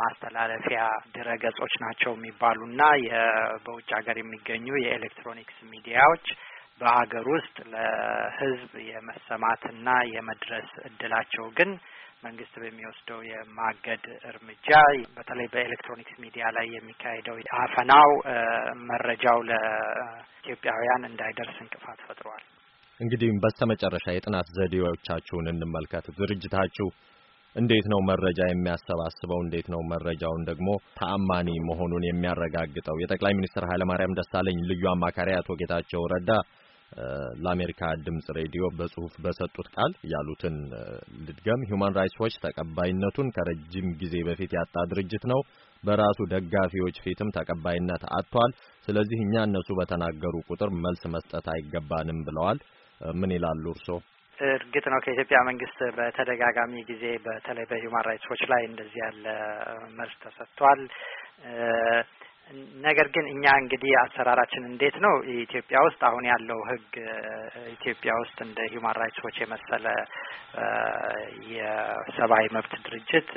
ማስተላለፊያ ድረገጾች ናቸው የሚባሉና በውጭ ሀገር የሚገኙ የኤሌክትሮኒክስ ሚዲያዎች በሀገር ውስጥ ለሕዝብ የመሰማትና የመድረስ እድላቸው ግን መንግስት በሚወስደው የማገድ እርምጃ በተለይ በኤሌክትሮኒክስ ሚዲያ ላይ የሚካሄደው አፈናው መረጃው ለኢትዮጵያውያን እንዳይደርስ እንቅፋት ፈጥሯል። እንግዲህ በስተመጨረሻ የጥናት ዘዴዎቻችሁን እንመልከት። ድርጅታችሁ እንዴት ነው መረጃ የሚያሰባስበው? እንዴት ነው መረጃውን ደግሞ ተአማኒ መሆኑን የሚያረጋግጠው? የጠቅላይ ሚኒስትር ኃይለማርያም ደሳለኝ ልዩ አማካሪ አቶ ጌታቸው ረዳ ለአሜሪካ ድምጽ ሬዲዮ በጽሁፍ በሰጡት ቃል ያሉትን ልድገም። ሂዩማን ራይትስ ዎች ተቀባይነቱን ከረጅም ጊዜ በፊት ያጣ ድርጅት ነው። በራሱ ደጋፊዎች ፊትም ተቀባይነት አጥቷል። ስለዚህ እኛ እነሱ በተናገሩ ቁጥር መልስ መስጠት አይገባንም ብለዋል። ምን ይላሉ እርስዎ? እርግጥ ነው ከኢትዮጵያ መንግስት በተደጋጋሚ ጊዜ በተለይ በሂውማን ራይትሶች ላይ እንደዚህ ያለ መልስ ተሰጥቷል። ነገር ግን እኛ እንግዲህ አሰራራችን እንዴት ነው? ኢትዮጵያ ውስጥ አሁን ያለው ህግ ኢትዮጵያ ውስጥ እንደ ሂውማን ራይትስ ዎች የመሰለ የሰብአዊ መብት ድርጅት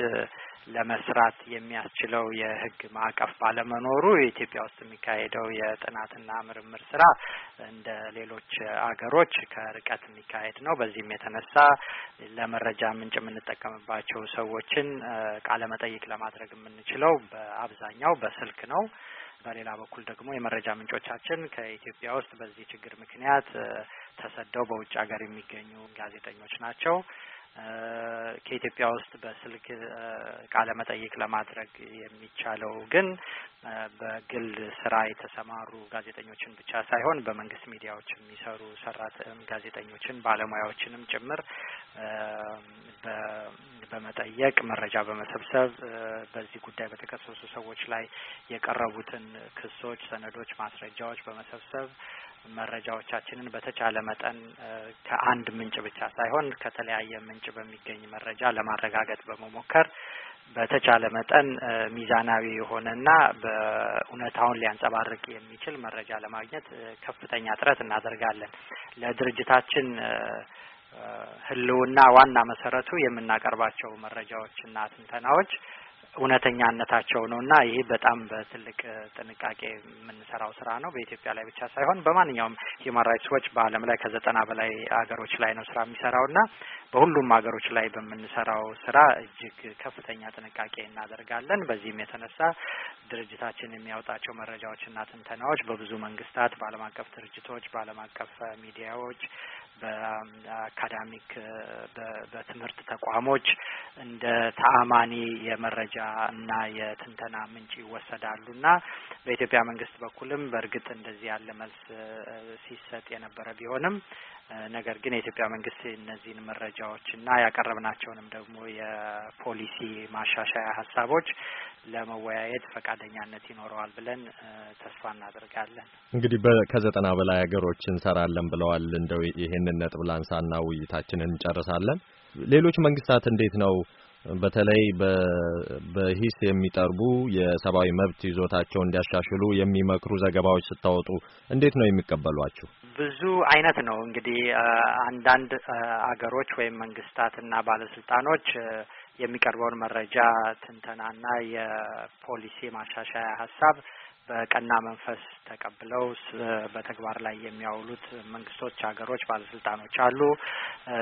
ለመስራት የሚያስችለው የህግ ማዕቀፍ ባለመኖሩ ኢትዮጵያ ውስጥ የሚካሄደው የጥናትና ምርምር ስራ እንደ ሌሎች አገሮች ከርቀት የሚካሄድ ነው። በዚህም የተነሳ ለመረጃ ምንጭ የምንጠቀምባቸው ሰዎችን ቃለ መጠይቅ ለማድረግ የምንችለው በአብዛኛው በስልክ ነው። በሌላ በኩል ደግሞ የመረጃ ምንጮቻችን ከኢትዮጵያ ውስጥ በዚህ ችግር ምክንያት ተሰደው በውጭ ሀገር የሚገኙ ጋዜጠኞች ናቸው። ከኢትዮጵያ ውስጥ በስልክ ቃለ መጠይቅ ለማድረግ የሚቻለው ግን በግል ስራ የተሰማሩ ጋዜጠኞችን ብቻ ሳይሆን በመንግስት ሚዲያዎች የሚሰሩ ሰራት ጋዜጠኞችን ባለሙያዎችንም ጭምር በመጠየቅ መረጃ በመሰብሰብ በዚህ ጉዳይ በተከሰሱ ሰዎች ላይ የቀረቡትን ክሶች፣ ሰነዶች፣ ማስረጃዎች በመሰብሰብ መረጃዎቻችንን በተቻለ መጠን ከአንድ ምንጭ ብቻ ሳይሆን ከተለያየ ምንጭ በሚገኝ መረጃ ለማረጋገጥ በመሞከር በተቻለ መጠን ሚዛናዊ የሆነና በእውነታውን ሊያንጸባርቅ የሚችል መረጃ ለማግኘት ከፍተኛ ጥረት እናደርጋለን። ለድርጅታችን ህልውና ዋና መሰረቱ የምናቀርባቸው መረጃዎችና ትንተናዎች እውነተኛነታቸው ነው እና ይሄ በጣም በትልቅ ጥንቃቄ የምንሰራው ስራ ነው። በኢትዮጵያ ላይ ብቻ ሳይሆን በማንኛውም ሂማን ራይትስ ዎች በዓለም ላይ ከዘጠና በላይ ሀገሮች ላይ ነው ስራ የሚሰራው እና በሁሉም ሀገሮች ላይ በምንሰራው ስራ እጅግ ከፍተኛ ጥንቃቄ እናደርጋለን። በዚህም የተነሳ ድርጅታችን የሚያወጣቸው መረጃዎችና ትንተናዎች በብዙ መንግስታት፣ በዓለም አቀፍ ድርጅቶች፣ በዓለም አቀፍ ሚዲያዎች በአካዳሚክ በትምህርት ተቋሞች እንደ ተአማኒ የመረጃ እና የትንተና ምንጭ ይወሰዳሉ እና በኢትዮጵያ መንግስት በኩልም በእርግጥ እንደዚህ ያለ መልስ ሲሰጥ የነበረ ቢሆንም ነገር ግን የኢትዮጵያ መንግስት እነዚህን መረጃዎች እና ያቀረብናቸውንም ደግሞ የፖሊሲ ማሻሻያ ሀሳቦች ለመወያየት ፈቃደኛነት ይኖረዋል ብለን ተስፋ እናደርጋለን። እንግዲህ ከዘጠና በላይ ሀገሮች እንሰራለን ብለዋል። እንደው ይህንን ነጥብ ላንሳና ውይይታችንን እንጨርሳለን። ሌሎች መንግስታት እንዴት ነው በተለይ በሂስ የሚጠርቡ የሰብአዊ መብት ይዞታቸው እንዲያሻሽሉ የሚመክሩ ዘገባዎች ስታወጡ እንዴት ነው የሚቀበሏችሁ? ብዙ አይነት ነው እንግዲህ አንዳንድ አገሮች ወይም መንግስታትና ባለስልጣኖች የሚቀርበውን መረጃ ትንተናና የፖሊሲ ማሻሻያ ሀሳብ በቀና መንፈስ ተቀብለው በተግባር ላይ የሚያውሉት መንግስቶች፣ ሀገሮች፣ ባለስልጣኖች አሉ።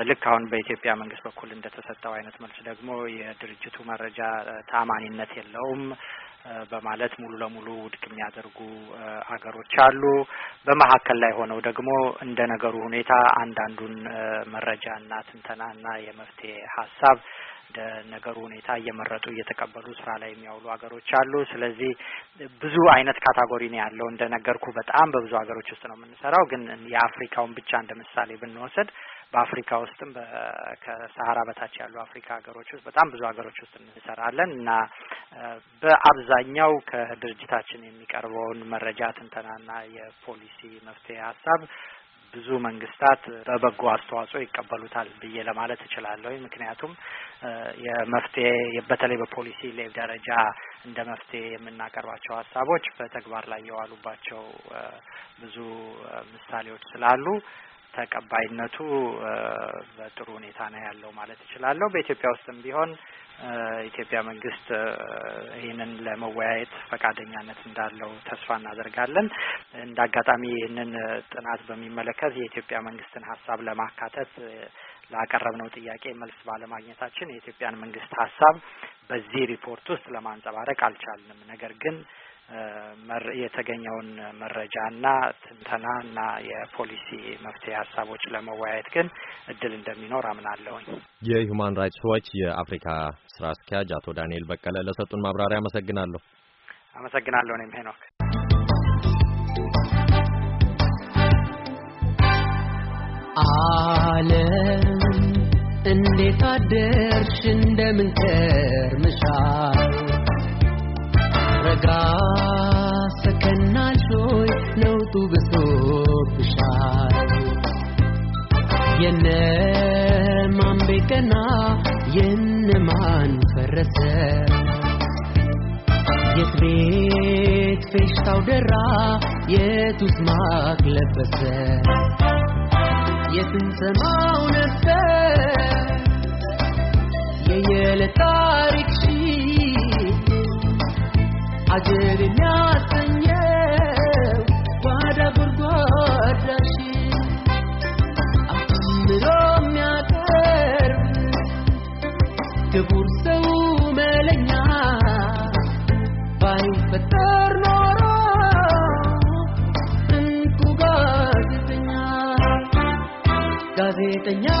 ልክ አሁን በኢትዮጵያ መንግስት በኩል እንደተሰጠው አይነት መልስ ደግሞ የድርጅቱ መረጃ ታማኒነት የለውም በማለት ሙሉ ለሙሉ ውድቅ የሚያደርጉ ሀገሮች አሉ። በመካከል ላይ ሆነው ደግሞ እንደ ነገሩ ሁኔታ አንዳንዱን መረጃና ትንተናና የመፍትሄ ሀሳብ እንደ ነገሩ ሁኔታ እየመረጡ እየተቀበሉ ስራ ላይ የሚያውሉ ሀገሮች አሉ። ስለዚህ ብዙ አይነት ካታጎሪ ነው ያለው። እንደነገርኩ በጣም በብዙ ሀገሮች ውስጥ ነው የምንሰራው። ግን የአፍሪካውን ብቻ እንደ ምሳሌ ብንወስድ በአፍሪካ ውስጥም ከሰሀራ በታች ያሉ አፍሪካ ሀገሮች ውስጥ በጣም ብዙ ሀገሮች ውስጥ እንሰራለን እና በአብዛኛው ከድርጅታችን የሚቀርበውን መረጃ ትንተናና የፖሊሲ መፍትሄ ሀሳብ ብዙ መንግስታት በበጎ አስተዋጽኦ ይቀበሉታል ብዬ ለማለት እችላለሁ። ምክንያቱም የመፍትሄ በተለይ በፖሊሲ ሌቭ ደረጃ እንደ መፍትሄ የምናቀርባቸው ሀሳቦች በተግባር ላይ የዋሉባቸው ብዙ ምሳሌዎች ስላሉ ተቀባይነቱ በጥሩ ሁኔታ ነው ያለው ማለት እችላለሁ። በኢትዮጵያ ውስጥም ቢሆን ኢትዮጵያ መንግስት ይህንን ለመወያየት ፈቃደኛነት እንዳለው ተስፋ እናደርጋለን። እንደ አጋጣሚ ይህንን ጥናት በሚመለከት የኢትዮጵያ መንግስትን ሀሳብ ለማካተት ላቀረብነው ጥያቄ መልስ ባለማግኘታችን የኢትዮጵያን መንግስት ሀሳብ በዚህ ሪፖርት ውስጥ ለማንጸባረቅ አልቻልንም። ነገር ግን የተገኘውን መረጃና ትንተና የፖሊሲ መፍትሄ ሀሳቦች ለመወያየት ግን እድል እንደሚኖር አምናለሁኝ። የሁማን ራይትስ ዋች የአፍሪካ ስራ አስኪያጅ አቶ ዳንኤል በቀለ ለሰጡን ማብራሪያ አመሰግናለሁ። አመሰግናለሁ። እኔም ሄኖክ አለ እንዴት አደርሽ እንደምን ከርምሻል ረጋ ሰከናል ሾይ ነውጡ ብሶብሻል የነማን ቤቀና የነማን ፈረሰ የት ቤት ፌሽታው ደራ የቱስ ማክ ለበሰ የስንሰማው ነበር ታሪክ ታሪክሽ አጀብ የሚያሰኘው ጓዳ ጉርጓዳሽ አምሮ የሚያቀርብ ክቡር ሰው መለኛ ባይፈጠር Señor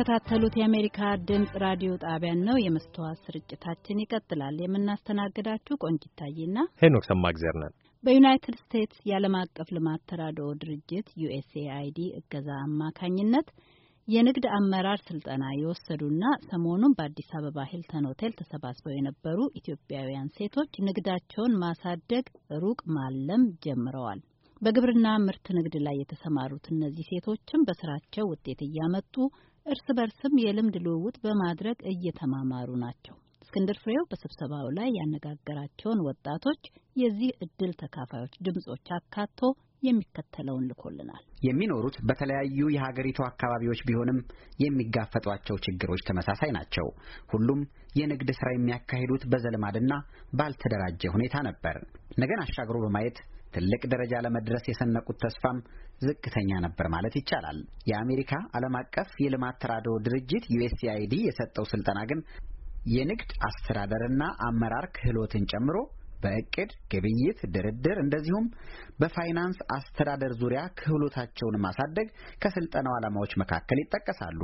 የምትከታተሉት የአሜሪካ ድምጽ ራዲዮ ጣቢያን ነው። የመስተዋት ስርጭታችን ይቀጥላል። የምናስተናግዳችሁ ቆንጂት ታዬና ሄኖክ ሰማእግዜር ነን። በዩናይትድ ስቴትስ የዓለም አቀፍ ልማት ተራድኦ ድርጅት ዩኤስኤአይዲ እገዛ አማካኝነት የንግድ አመራር ስልጠና የወሰዱና ሰሞኑን በአዲስ አበባ ሂልተን ሆቴል ተሰባስበው የነበሩ ኢትዮጵያውያን ሴቶች ንግዳቸውን ማሳደግ ሩቅ ማለም ጀምረዋል። በግብርና ምርት ንግድ ላይ የተሰማሩት እነዚህ ሴቶችም በስራቸው ውጤት እያመጡ እርስ በርስም የልምድ ልውውጥ በማድረግ እየተማማሩ ናቸው። እስክንድር ፍሬው በስብሰባው ላይ ያነጋገራቸውን ወጣቶች የዚህ እድል ተካፋዮች ድምጾች አካቶ የሚከተለውን ልኮልናል። የሚኖሩት በተለያዩ የሀገሪቱ አካባቢዎች ቢሆንም የሚጋፈጧቸው ችግሮች ተመሳሳይ ናቸው። ሁሉም የንግድ ስራ የሚያካሂዱት በዘልማድና ባልተደራጀ ሁኔታ ነበር። ነገን አሻግሮ በማየት ትልቅ ደረጃ ለመድረስ የሰነቁት ተስፋም ዝቅተኛ ነበር ማለት ይቻላል። የአሜሪካ ዓለም አቀፍ የልማት ተራድኦ ድርጅት ዩኤስኤአይዲ የሰጠው ስልጠና ግን የንግድ አስተዳደርና አመራር ክህሎትን ጨምሮ በእቅድ ግብይት፣ ድርድር እንደዚሁም በፋይናንስ አስተዳደር ዙሪያ ክህሎታቸውን ማሳደግ ከስልጠናው ዓላማዎች መካከል ይጠቀሳሉ።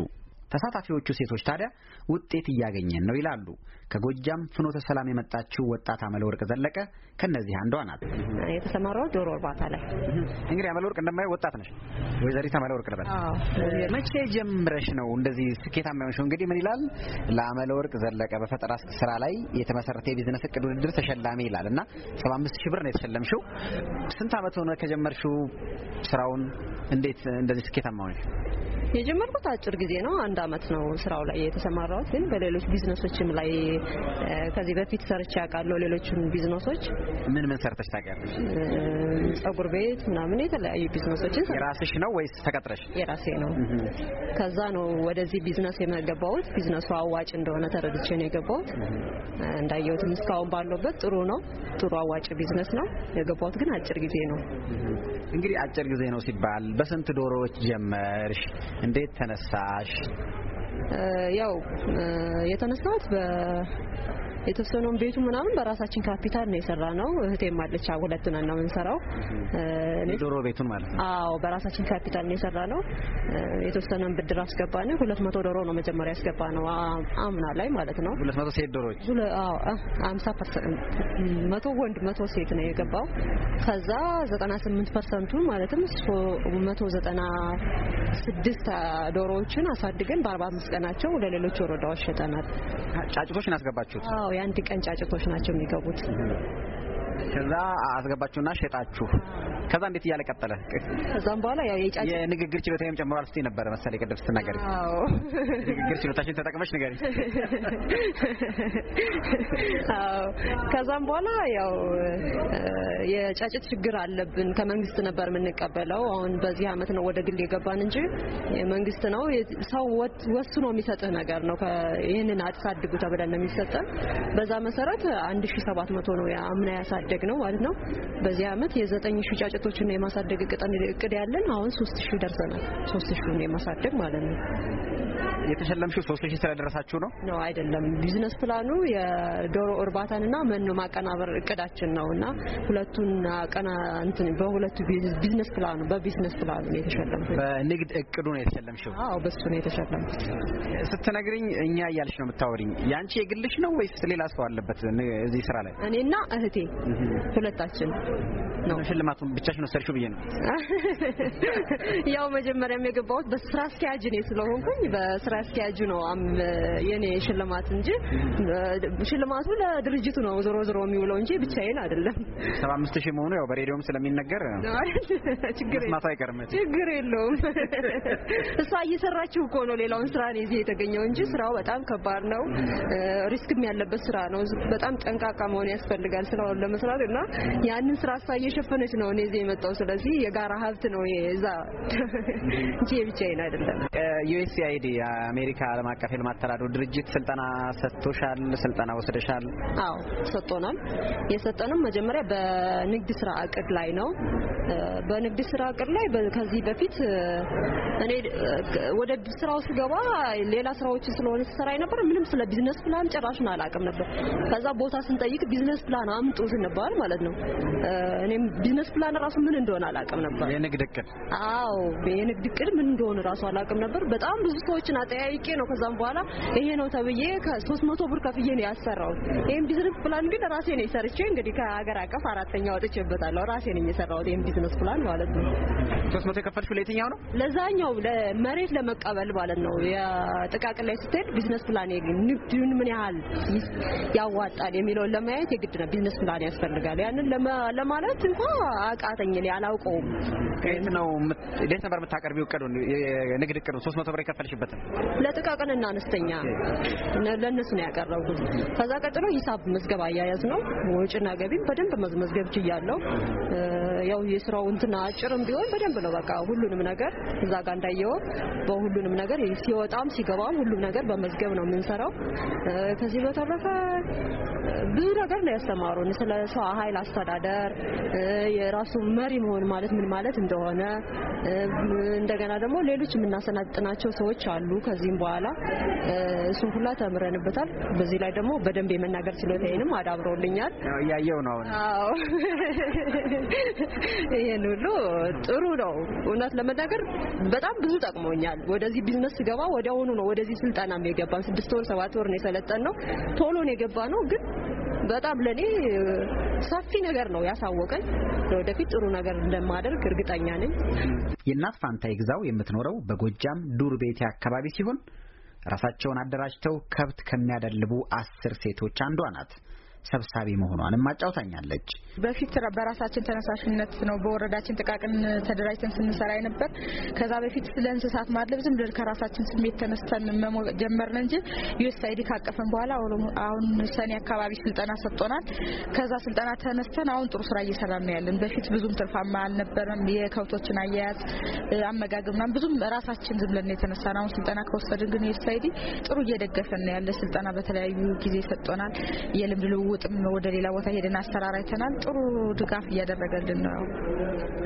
ተሳታፊዎቹ ሴቶች ታዲያ ውጤት እያገኘን ነው ይላሉ። ከጎጃም ፍኖተ ሰላም የመጣችው ወጣት አመለወርቅ ዘለቀ ከእነዚህ አንዷ ናት። የተሰማራው ዶሮ እርባታ ላይ እንግዲህ አመለወርቅ እንደማየው ወጣት ነሽ፣ ወይዘሪት አመለወርቅ ልበል። መቼ ጀምረሽ ነው እንደዚህ ስኬታማ የሆንሽው? እንግዲህ ምን ይላል ለአመለወርቅ ዘለቀ በፈጠራ ስራ ላይ የተመሰረተ የቢዝነስ እቅድ ውድድር ተሸላሚ ይላል እና ሰባ ሺህ ብር ነው የተሸለምሽው። ስንት አመት ሆነ ከጀመርሽው ስራውን? እንዴት እንደዚህ ስኬታማ ሆነሽ? የጀመርኩት አጭር ጊዜ ነው። አንድ አመት ነው ስራው ላይ የተሰማራሁት። ግን በሌሎች ቢዝነሶችም ላይ ከዚህ በፊት ሰርቼ አውቃለሁ። ሌሎችም ቢዝነሶች ምን ምን ሰርተሽ ታውቂያለሽ? ጸጉር ቤት ምናምን የተለያዩ ቢዝነሶችን። የራስሽ ነው ወይስ ተቀጥረሽ? የራሴ ነው። ከዛ ነው ወደዚህ ቢዝነስ የመገባሁት። ቢዝነሱ አዋጭ እንደሆነ ተረድቼ ነው የገባሁት። እንዳየሁትም እስካሁን ባለበት ጥሩ ነው። ጥሩ አዋጭ ቢዝነስ ነው። የገባሁት ግን አጭር ጊዜ ነው። እንግዲህ አጭር ጊዜ ነው ሲባል በስንት ዶሮዎች ጀመርሽ? እንዴት ተነሳሽ? ያው የተነሳሁት የተወሰነውን ቤቱ ምናምን በራሳችን ካፒታል ነው የሰራ ነው። እህቴም አለች ሁለት ነው የምንሰራው። የዶሮ ቤቱን ማለት ነው። አዎ በራሳችን ካፒታል ነው የሰራ ነው። የተወሰነን ብድር አስገባን። ሁለት መቶ ዶሮ ነው መጀመሪያ ያስገባ ነው አምና ላይ ማለት ነው። ሁለት መቶ ሴት ዶሮዎች አምሳ ፐርሰንት መቶ ወንድ መቶ ሴት ነው የገባው። ከዛ ዘጠና ስምንት ፐርሰንቱን ማለትም መቶ ዘጠና ስድስት ዶሮዎችን አሳድገን በአርባ አምስት ቀናቸው ለሌሎች ወረዳዎች ሸጠናል። ጫጭቶችን አስገባችሁት? አዎ የአንድ ቀን ጫጭቶች ናቸው የሚገቡት። ከዛ አስገባችሁና ሸጣችሁ ከዛ እንዴት እያለ ቀጠለ። ከዛም በኋላ ያው የጫጭ የንግግር ችሎታዬም ጨምሯል ስትይ ነበረ መሰለኝ ቅድም ስትናገሪ። አዎ ንግግር ችሎታችን ተጠቅመሽ ንገሪ። አዎ ከዛም በኋላ ያው የጫጭት ችግር አለብን። ከመንግስት ነበር የምንቀበለው። አሁን በዚህ አመት ነው ወደ ግል የገባን እንጂ መንግስት ነው ሰው ወስኖ የሚሰጥህ ነገር ነው። ይህንን አዲስ ተብለን ነው የሚሰጠን። በዛ መሰረት 1700 ነው አምና ያሳድ ማሳደግ ነው ማለት ነው። በዚህ አመት የዘጠኝ ሺህ ጫጭቶችን ነው የማሳደግ እቅድ ያለን። አሁን ሶስት ሺህ ደርሰናል። ሶስት ሺህ ነው የማሳደግ ማለት ነው። የተሸለምሽው ሶስት ሺህ ስለደረሳችሁ ነው? ነው አይደለም። ቢዝነስ ፕላኑ የዶሮ እርባታንና መኖ ማቀናበር እቅዳችን ነው እና ሁለቱን ቀና እንትን በሁለቱ ቢዝነስ ፕላኑ በቢዝነስ ፕላኑ ነው የተሸለምኩት። በንግድ እቅዱ ነው የተሸለምሽው? አዎ በሱ ነው የተሸለምኩት። ስትነግሪኝ እኛ እያልሽ ነው የምታወሪኝ። ያንቺ የግልሽ ነው ወይስ ሌላ ሰው አለበት እዚህ ስራ ላይ? እኔና እህቴ ሁለታችን ነው። ሽልማቱን ነው ወሰድሽው ብዬ ነው። ያው መጀመሪያም የገባሁት በስራ አስኪያጅ እኔ ስለሆንኩኝ በስራ ስራ አስኪያጁ ነው የኔ ሽልማት እንጂ ሽልማቱ ለድርጅቱ ነው ዞሮ ዞሮ የሚውለው እንጂ ብቻዬን አይደለም። 75000 መሆኑ ያው በሬዲዮም ስለሚነገር ችግር የለውም ችግር የለውም። እሷ እየሰራችሁ እኮ ነው ሌላውን ስራ ነው እዚህ የተገኘው እንጂ ስራው በጣም ከባድ ነው። ሪስክም ያለበት ስራ ነው። በጣም ጠንቃቃ መሆን ያስፈልጋል ስራውን ለመስራት እና ያንን ስራ እሷ እየሸፈነች ነው እኔ እዚህ የመጣው። ስለዚህ የጋራ ሀብት ነው እዛ እንጂ ብቻዬን አይደለም። ዩኤስኤአይዲ የአሜሪካ ዓለም አቀፍ የልማት ተራድኦ ድርጅት ስልጠና ሰጥቶሻል? ስልጠና ወስደሻል? አዎ ሰጥቶናል። የሰጠንም መጀመሪያ በንግድ ስራ እቅድ ላይ ነው። በንግድ ስራ እቅድ ላይ ከዚህ በፊት እኔ ወደ ስራው ስገባ ሌላ ስራዎች ስለሆነ ስሰራ ነበር። ምንም ስለ ቢዝነስ ፕላን ጭራሽን አላውቅም ነበር። ከዛ ቦታ ስንጠይቅ ቢዝነስ ፕላን አምጡ ስንባል ማለት ነው። እኔም ቢዝነስ ፕላን ራሱ ምን እንደሆነ አላውቅም ነበር። የንግድ እቅድ አዎ፣ የንግድ እቅድ ምን እንደሆነ ራሱ አላውቅም ነበር። በጣም ብዙ ሰዎችን ተጠያይቄ ነው። ከዛም በኋላ ይሄ ነው ተብዬ ከሶስት መቶ ብር ከፍዬ ነው ያሰራሁት። ይሄን ቢዝነስ ፕላን ግን ራሴ ነው ሰርቼ እንግዲህ ከሀገር አቀፍ አራተኛ ወጥቼበታለሁ። ራሴ ነው የሰራሁት ይሄን ቢዝነስ ፕላን ማለት ነው። ሶስት መቶ የከፈልሽው ለየትኛው ነው? ለዛኛው ለመሬት ለመቀበል ማለት ነው። የጥቃቅን ላይ ስትሄድ ቢዝነስ ፕላን ንግድን ምን ያህል ያዋጣል የሚለውን ለማየት የግድ ነው ቢዝነስ ፕላን ያስፈልጋል። ያንን ለማለት እንኳ አቃተኝ። እኔ አላውቀውም። ከየት ነው የት ነበር የምታቀርቢው? እቅዱን የንግድ እቅዱን ሶስት መቶ ብር የከፈልሽበትን ለጥቃቅንና አነስተኛ ለእነሱ ነው ያቀረብኩት። ከዛ ቀጥሎ ሂሳብ መዝገብ አያያዝ ነው። ወጭና ገቢም በደንብ መዝገብ ችያለሁ። ያው የስራው እንትና አጭርም ቢሆን በደንብ ነው በቃ ሁሉንም ነገር እዛ ጋር እንዳየው በሁሉንም ነገር ሲወጣም ሲገባም ሁሉም ነገር በመዝገብ ነው የምንሰራው። ከዚህ በተረፈ ብዙ ነገር ነው ያስተማሩን ስለ ሰው ኃይል አስተዳደር፣ የራሱ መሪ መሆን ማለት ምን ማለት እንደሆነ እንደገና ደግሞ ሌሎች የምናሰናጥናቸው ሰዎች አሉ ከዚህም በኋላ እሱን ሁላ ተምረንበታል። በዚህ ላይ ደግሞ በደንብ የመናገር ችሎታዬንም አዳብረውልኛል። እያየው ነው አሁን። ይህን ሁሉ ጥሩ ነው። እውነት ለመናገር በጣም ብዙ ጠቅሞኛል። ወደዚህ ቢዝነስ ስገባ ወዲያውኑ ነው ወደዚህ ስልጠና የገባ ስድስት ወር ሰባት ወር ነው የሰለጠን ነው ቶሎ ነው የገባ ነው ግን በጣም ለኔ ሰፊ ነገር ነው ያሳወቀኝ። ለወደፊት ጥሩ ነገር እንደማደርግ እርግጠኛ ነኝ። የእናት ፋንታ ይግዛው የምትኖረው በጎጃም ዱር ቤቴ አካባቢ ሲሆን ራሳቸውን አደራጅተው ከብት ከሚያደልቡ አስር ሴቶች አንዷ ናት። ሰብሳቢ መሆኗንም አጫውታኛለች። በፊት በራሳችን ተነሳሽነት ነው በወረዳችን ጥቃቅን ተደራጅተን ስንሰራ የነበር። ከዛ በፊት ስለ እንስሳት ማድለብ ዝም ብለን ከራሳችን ስሜት ተነስተን ጀመርን እንጂ ዩኤስአይዲ ካቀፈን በኋላ አሁን ሰኔ አካባቢ ስልጠና ሰጥቶናል። ከዛ ስልጠና ተነስተን አሁን ጥሩ ስራ እየሰራ ነው ያለን። በፊት ብዙም ትርፋማ አልነበረም። የከብቶችን አያያዝ፣ አመጋገብ ምናምን ብዙም ራሳችን ዝም ብለን የተነሳ አሁን ስልጠና ከወሰድን ግን ዩኤስአይዲ ጥሩ እየደገፈን ነው ያለ። ስልጠና በተለያዩ ጊዜ ሰጥቶናል። የልምድ ልውውጥ ለውጥም ወደ ሌላ ቦታ ሄደን አሰራር አይተናል። ጥሩ ድጋፍ እያደረገልን ነው።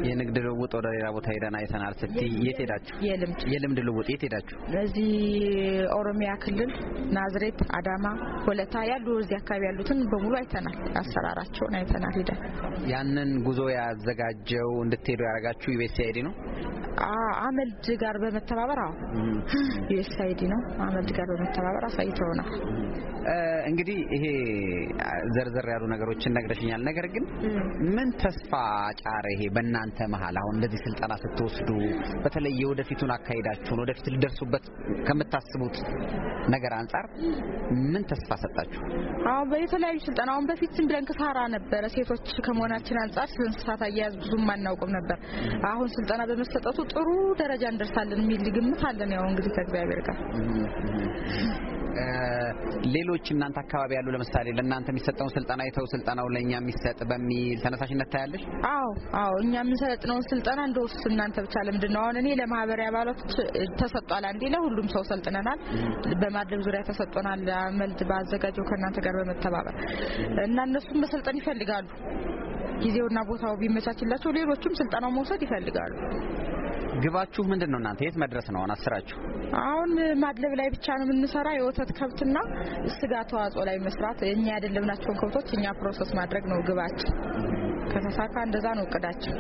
የንግድ ልውውጥ ወደ ሌላ ቦታ ሄደን አይተናል። ስቲ የት ሄዳችሁ? የልምድ የልምድ ልውውጥ የት ሄዳችሁ? እዚህ ኦሮሚያ ክልል ናዝሬት፣ አዳማ፣ ወለታ ያሉ እዚህ አካባቢ ያሉትን በሙሉ አይተናል። አሰራራቸውን አይተናል ሄደን ያንን ጉዞ ያዘጋጀው እንድትሄዱ ያደረጋችሁ ዩኤስአይዲ ነው አመልድ ጋር በመተባበር አዎ፣ ዩኤስአይዲ ነው አመልድ ጋር በመተባበር አሳይተውናል። እንግዲህ ይሄ ዘርዘር ያሉ ነገሮችን ነግረሽኛል። ነገር ግን ምን ተስፋ ጫረ ይሄ በእናንተ መሀል አሁን እንደዚህ ስልጠና ስትወስዱ በተለይ የወደፊቱን አካሄዳችሁን ወደፊት ሊደርሱበት ከምታስቡት ነገር አንጻር ምን ተስፋ ሰጣችሁ? አዎ በተለያዩ ስልጠና አሁን በፊት ዝም ብለን ክሳራ ነበረ። ሴቶች ከመሆናችን አንጻር ስለ እንስሳት አያያዝ ብዙም አናውቅም ነበር። አሁን ስልጠና በመሰጠቱ ጥሩ ደረጃ እንደርሳለን የሚል ግምት አለን። ያው እንግዲህ ከእግዚአብሔር ጋር ሌሎች እናንተ አካባቢ ያሉ ለምሳሌ ለእናንተ የሚሰጠውን ስልጠና የተው ስልጠናው ለእኛ የሚሰጥ በሚል ተነሳሽነት ታያለሽ? አዎ አዎ፣ እኛ የምንሰጥነውን ስልጠና እንደ ውስጥ እናንተ ብቻ ለምንድን ነው አሁን እኔ ለማህበሪያ አባላት ተሰጥቷል። አንዴ ለሁሉም ሰው ሰልጥነናል። በማድረግ ዙሪያ ተሰጥቶናል። አመልድ በአዘጋጀው ከእናንተ ጋር በመተባበር እና እነሱም መሰልጠን ይፈልጋሉ ጊዜውና ቦታው ቢመቻችላቸው ሌሎችም ስልጠናው መውሰድ ይፈልጋሉ። ግባችሁ ምንድን ነው? እናንተ የት መድረስ ነው አስራችሁ? አሁን ማድለብ ላይ ብቻ ነው የምንሰራ። የወተት ከብትና ስጋ ተዋጽኦ ላይ መስራት እኛ ያደለብናቸውን ከብቶች እኛ ፕሮሰስ ማድረግ ነው ግባችን። ከተሳካ እንደዛ ነው እቅዳችን።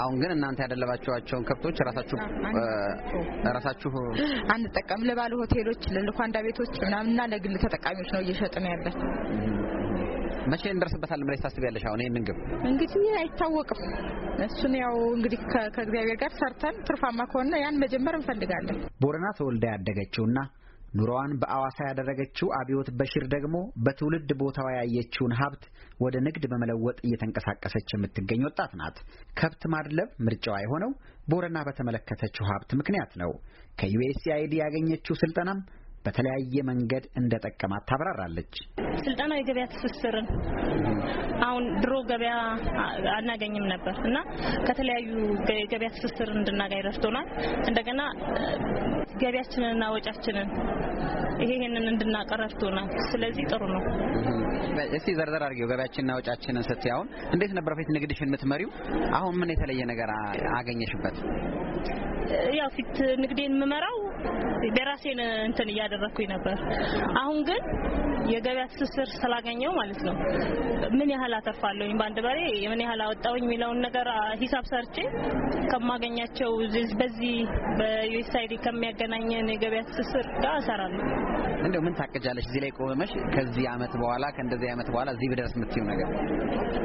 አሁን ግን እናንተ ያደለባችኋቸውን ከብቶች ራሳችሁ ራሳችሁ አንጠቀም ለባለ ሆቴሎች፣ ለልኳንዳ ቤቶች ምናምንና ለግል ተጠቃሚዎች ነው እየሸጥን ያለን። መቼ እንደርስበታለን ብለሽ ታስቢያለሽ? አሁን ይሄንን ግብ እንግዲህ አይታወቅም። እሱን ያው እንግዲህ ከእግዚአብሔር ጋር ሰርተን ትርፋማ ከሆነ ያን መጀመር እንፈልጋለን። ቦረና ተወልዳ ያደገችውና ኑሮዋን በአዋሳ ያደረገችው አብዮት በሽር ደግሞ በትውልድ ቦታዋ ያየችውን ሀብት ወደ ንግድ በመለወጥ እየተንቀሳቀሰች የምትገኝ ወጣት ናት። ከብት ማድለብ ምርጫዋ የሆነው ቦረና በተመለከተችው ሀብት ምክንያት ነው። ከዩኤስኤአይዲ ያገኘችው ስልጠናም በተለያየ መንገድ እንደጠቀማት ታብራራለች። ስልጠናው የገበያ ትስስርን አሁን ድሮ ገበያ አናገኝም ነበር እና ከተለያዩ የገበያ ትስስር እንድናገኝ ረድቶናል። እንደገና ገበያችንንና ወጫችንን ይሄንን ይሄንን እንድናቀረፍቶናል። ስለዚህ ጥሩ ነው። እስቲ ዘርዘር አድርጌው ገበያችንና ወጫችንን ስትይ አሁን እንዴት ነበር ፊት ንግድሽ የምትመሪው? አሁን ምን የተለየ ነገር አገኘሽበት? ያው ፊት ንግዴን የምመራው በራሴን እንትን እያ እያደረኩኝ ነበር። አሁን ግን የገበያ ትስስር ስላገኘው ማለት ነው ምን ያህል አተርፋለሁኝ በአንድ በሬ ምን ያህል አወጣሁኝ የሚለውን ነገር ሂሳብ ሰርቼ ከማገኛቸው በዚህ በዩኤስአይዲ ከሚያገናኘን የገበያ ትስስር ጋር እሰራለሁ። እንደው ምን ታቅጃለሽ እዚህ ላይ ቆመሽ ከዚህ አመት በኋላ ከእንደዚህ አመት በኋላ እዚህ ብደርስ የምትይው ነገር?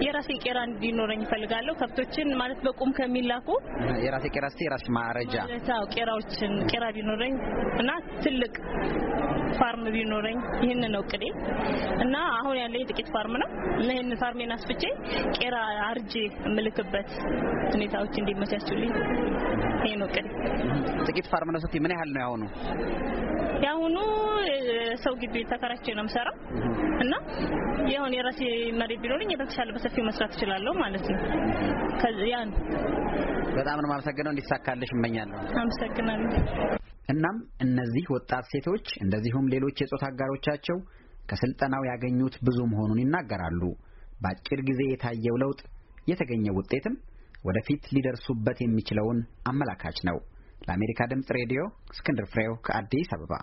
የራሴ ቄራ እንዲኖረኝ እፈልጋለሁ። ከብቶችን ማለት በቁም ከሚላኩ የራሴ ቄራ ስቲ የራስ ማረጃ ቄራዎችን ቄራ ቢኖረኝ እና ትልቅ ፋርም ቢኖረኝ ይህን ነው እቅዴ እና አሁን ያለኝ ጥቂት ፋርም ነው እና ይህን ፋርሜን አስፍቼ ቄራ አርጄ ምልክበት ሁኔታዎች እንዲመቻቹልኝ ይሄ ነው እቅዴ። ጥቂት ፋርም ነው ስትይ ምን ያህል ነው ያሁኑ? ያሁኑ ሰው ግቢ ተከራችቼ ነው የምሰራው እና የሆነ የራሴ መሬት ቢኖረኝ የተሻለ በሰፊው መስራት እችላለሁ ማለት ነው። ከዚያን በጣም ነው የማመሰግነው። እንዲሳካልሽ እመኛለሁ። አመሰግናለሁ። እናም እነዚህ ወጣት ሴቶች እንደዚሁም ሌሎች የጾታ አጋሮቻቸው ከስልጠናው ያገኙት ብዙ መሆኑን ይናገራሉ። በአጭር ጊዜ የታየው ለውጥ የተገኘው ውጤትም ወደፊት ሊደርሱበት የሚችለውን አመላካች ነው። ለአሜሪካ ድምፅ ሬዲዮ እስክንድር ፍሬው ከአዲስ አበባ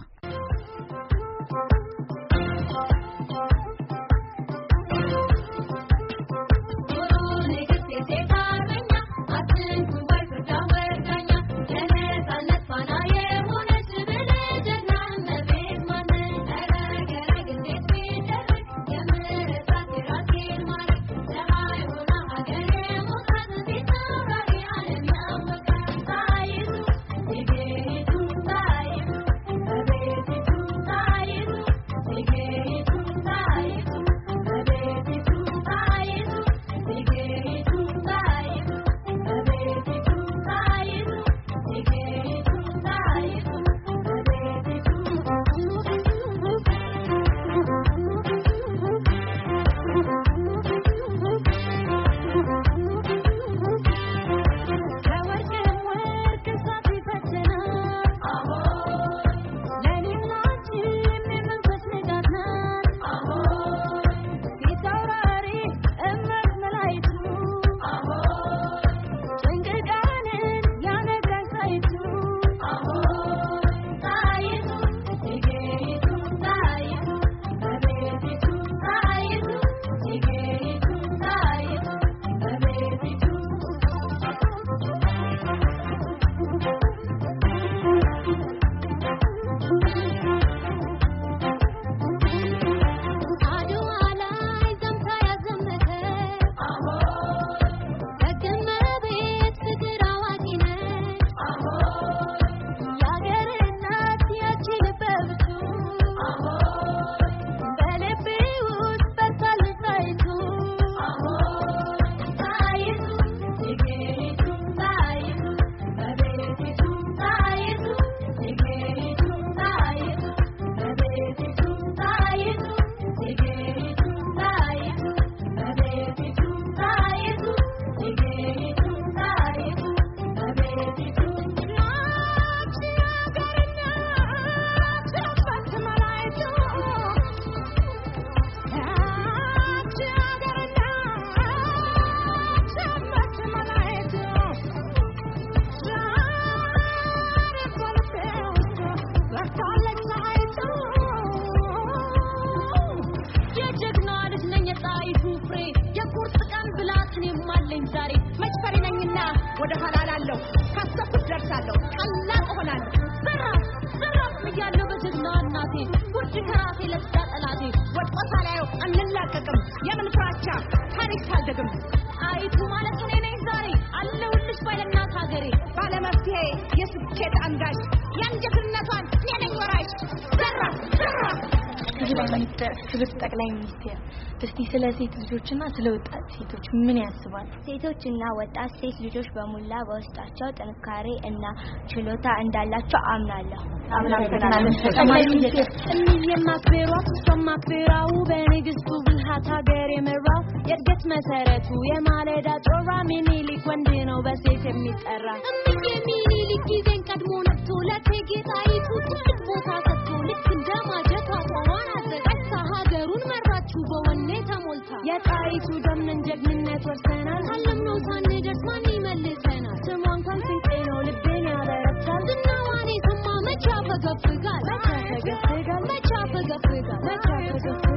ክብር ጠቅላይ ሚኒስቴር፣ እስቲ ስለ ሴት ልጆችና ስለ ወጣት ሴቶች ምን ያስባል ሴቶችና ወጣት ሴት ልጆች በሙላ በውስጣቸው ጥንካሬ እና ችሎታ እንዳላቸው አምናለሁ። የማክበሯ በንግስቱ ብልሃት ሀገር የመራው የእድገት መሰረቱ የማለዳ ጮራ ሚኒሊክ ወንድ ነው በሴት የሚጠራ ሚኒሊክ ጊዜን ቀድሞ ነብቶ ለቴጌጣይቱ ትልቅ ቦታ የጣይቱ ደምነን ጀግንነት ወርሰናል። ነው ሳንደርስ ማን ይመልሰናል? ስሟን እንኳን ስንቄ ነው ልቤን ያበረታል። ዝናዋኔ ስማ መቻ ፈገፍጋል መቻ ፈገፍጋል መቻ ፈገፍጋል መቻ ፈገፍጋል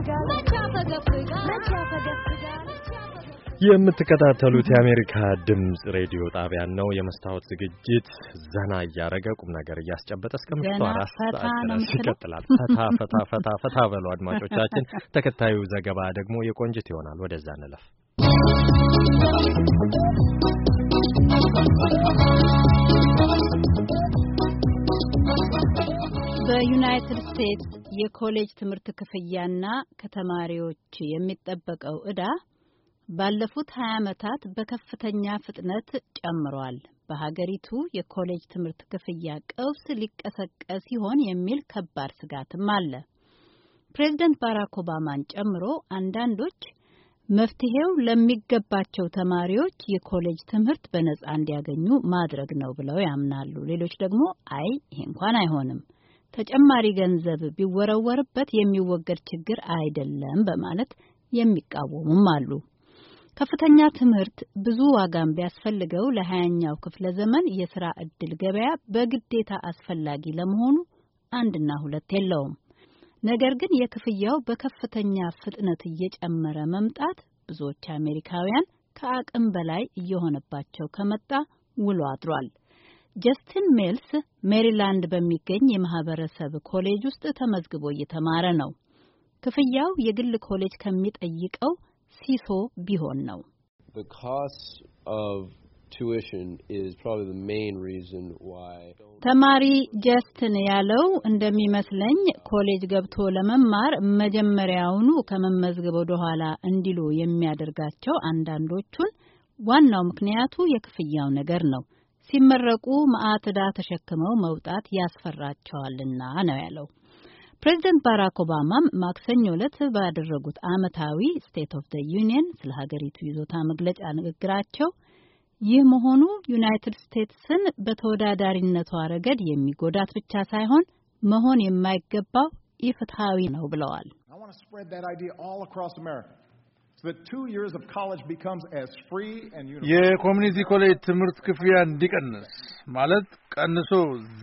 የምትከታተሉት የአሜሪካ ድምፅ ሬዲዮ ጣቢያን ነው። የመስታወት ዝግጅት ዘና እያረገ ቁም ነገር እያስጨበጠ እስከ ምሽቱ አራት ሰዓት ይቀጥላል። ፈታ ፈታ ፈታ ፈታ በሉ አድማጮቻችን። ተከታዩ ዘገባ ደግሞ የቆንጅት ይሆናል። ወደዛ እንለፍ። በዩናይትድ ስቴትስ የኮሌጅ ትምህርት ክፍያና ከተማሪዎች የሚጠበቀው ዕዳ ባለፉት 20 ዓመታት በከፍተኛ ፍጥነት ጨምሯል። በሀገሪቱ የኮሌጅ ትምህርት ክፍያ ቀውስ ሊቀሰቀስ ሲሆን የሚል ከባድ ስጋትም አለ። ፕሬዝደንት ባራክ ኦባማን ጨምሮ አንዳንዶች መፍትሄው ለሚገባቸው ተማሪዎች የኮሌጅ ትምህርት በነጻ እንዲያገኙ ማድረግ ነው ብለው ያምናሉ። ሌሎች ደግሞ አይ ይሄ እንኳን አይሆንም፣ ተጨማሪ ገንዘብ ቢወረወርበት የሚወገድ ችግር አይደለም በማለት የሚቃወሙም አሉ። ከፍተኛ ትምህርት ብዙ ዋጋም ቢያስፈልገው ለሀያኛው ክፍለ ዘመን የስራ እድል ገበያ በግዴታ አስፈላጊ ለመሆኑ አንድና ሁለት የለውም። ነገር ግን የክፍያው በከፍተኛ ፍጥነት እየጨመረ መምጣት ብዙዎች አሜሪካውያን ከአቅም በላይ እየሆነባቸው ከመጣ ውሎ አድሯል። ጀስቲን ሜልስ ሜሪላንድ በሚገኝ የማህበረሰብ ኮሌጅ ውስጥ ተመዝግቦ እየተማረ ነው። ክፍያው የግል ኮሌጅ ከሚጠይቀው ሲሶ ቢሆን ነው። ተማሪ ጀስትን ያለው እንደሚመስለኝ ኮሌጅ ገብቶ ለመማር መጀመሪያውኑ ከመመዝገብ ወደ ኋላ እንዲሉ የሚያደርጋቸው አንዳንዶቹን ዋናው ምክንያቱ የክፍያው ነገር ነው። ሲመረቁ ማዕትዳ ተሸክመው መውጣት ያስፈራቸዋልና ነው ያለው። ፕሬዚደንት ባራክ ኦባማም ማክሰኞ ዕለት ባደረጉት ዓመታዊ ስቴት ኦፍ ዘ ዩኒየን ስለ ሀገሪቱ ይዞታ መግለጫ ንግግራቸው ይህ መሆኑ ዩናይትድ ስቴትስን በተወዳዳሪነቷ ረገድ የሚጎዳት ብቻ ሳይሆን መሆን የማይገባው ኢፍትሐዊ ነው ብለዋል። የኮሚኒቲ ኮሌጅ ትምህርት ክፍያ እንዲቀንስ ማለት ቀንሶ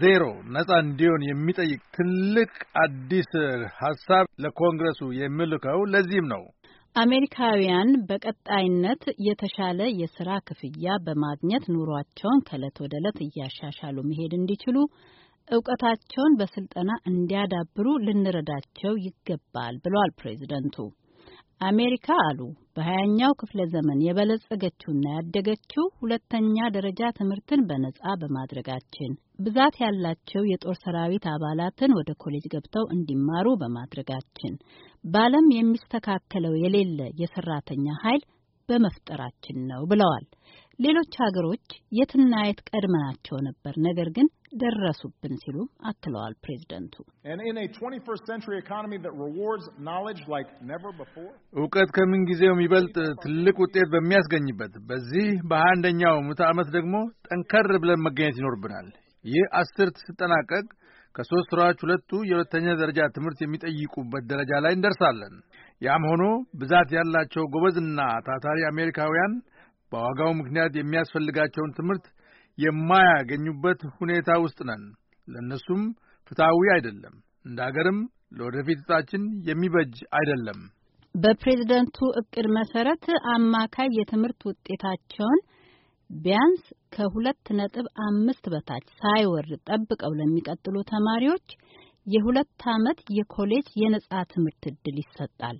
ዜሮ ነጻ እንዲሆን የሚጠይቅ ትልቅ አዲስ ሀሳብ ለኮንግረሱ የምልከው ለዚህም ነው። አሜሪካውያን በቀጣይነት የተሻለ የስራ ክፍያ በማግኘት ኑሯቸውን ከእለት ወደ ዕለት እያሻሻሉ መሄድ እንዲችሉ እውቀታቸውን በስልጠና እንዲያዳብሩ ልንረዳቸው ይገባል ብሏል ፕሬዚደንቱ። አሜሪካ አሉ በሀያኛው ክፍለ ዘመን የበለጸገችውና ያደገችው ሁለተኛ ደረጃ ትምህርትን በነጻ በማድረጋችን ብዛት ያላቸው የጦር ሰራዊት አባላትን ወደ ኮሌጅ ገብተው እንዲማሩ በማድረጋችን በዓለም የሚስተካከለው የሌለ የሰራተኛ ኃይል በመፍጠራችን ነው ብለዋል። ሌሎች ሀገሮች የትና የት ቀድመናቸው ነበር፣ ነገር ግን ደረሱብን ሲሉም አክለዋል ፕሬዝደንቱ። እውቀት ከምን ጊዜው የሚበልጥ ትልቅ ውጤት በሚያስገኝበት በዚህ በሀንደኛው ምዕተ ዓመት ደግሞ ጠንከር ብለን መገኘት ይኖርብናል። ይህ አስርት ስጠናቀቅ ከሦስት ስራዎች ሁለቱ የሁለተኛ ደረጃ ትምህርት የሚጠይቁበት ደረጃ ላይ እንደርሳለን። ያም ሆኖ ብዛት ያላቸው ጎበዝና ታታሪ አሜሪካውያን በዋጋው ምክንያት የሚያስፈልጋቸውን ትምህርት የማያገኙበት ሁኔታ ውስጥ ነን። ለእነሱም ፍትሐዊ አይደለም፣ እንደ አገርም ለወደፊት እጣችን የሚበጅ አይደለም። በፕሬዝደንቱ እቅድ መሰረት አማካይ የትምህርት ውጤታቸውን ቢያንስ ከሁለት ነጥብ አምስት በታች ሳይወርድ ጠብቀው ለሚቀጥሉ ተማሪዎች የሁለት ዓመት የኮሌጅ የነጻ ትምህርት ዕድል ይሰጣል።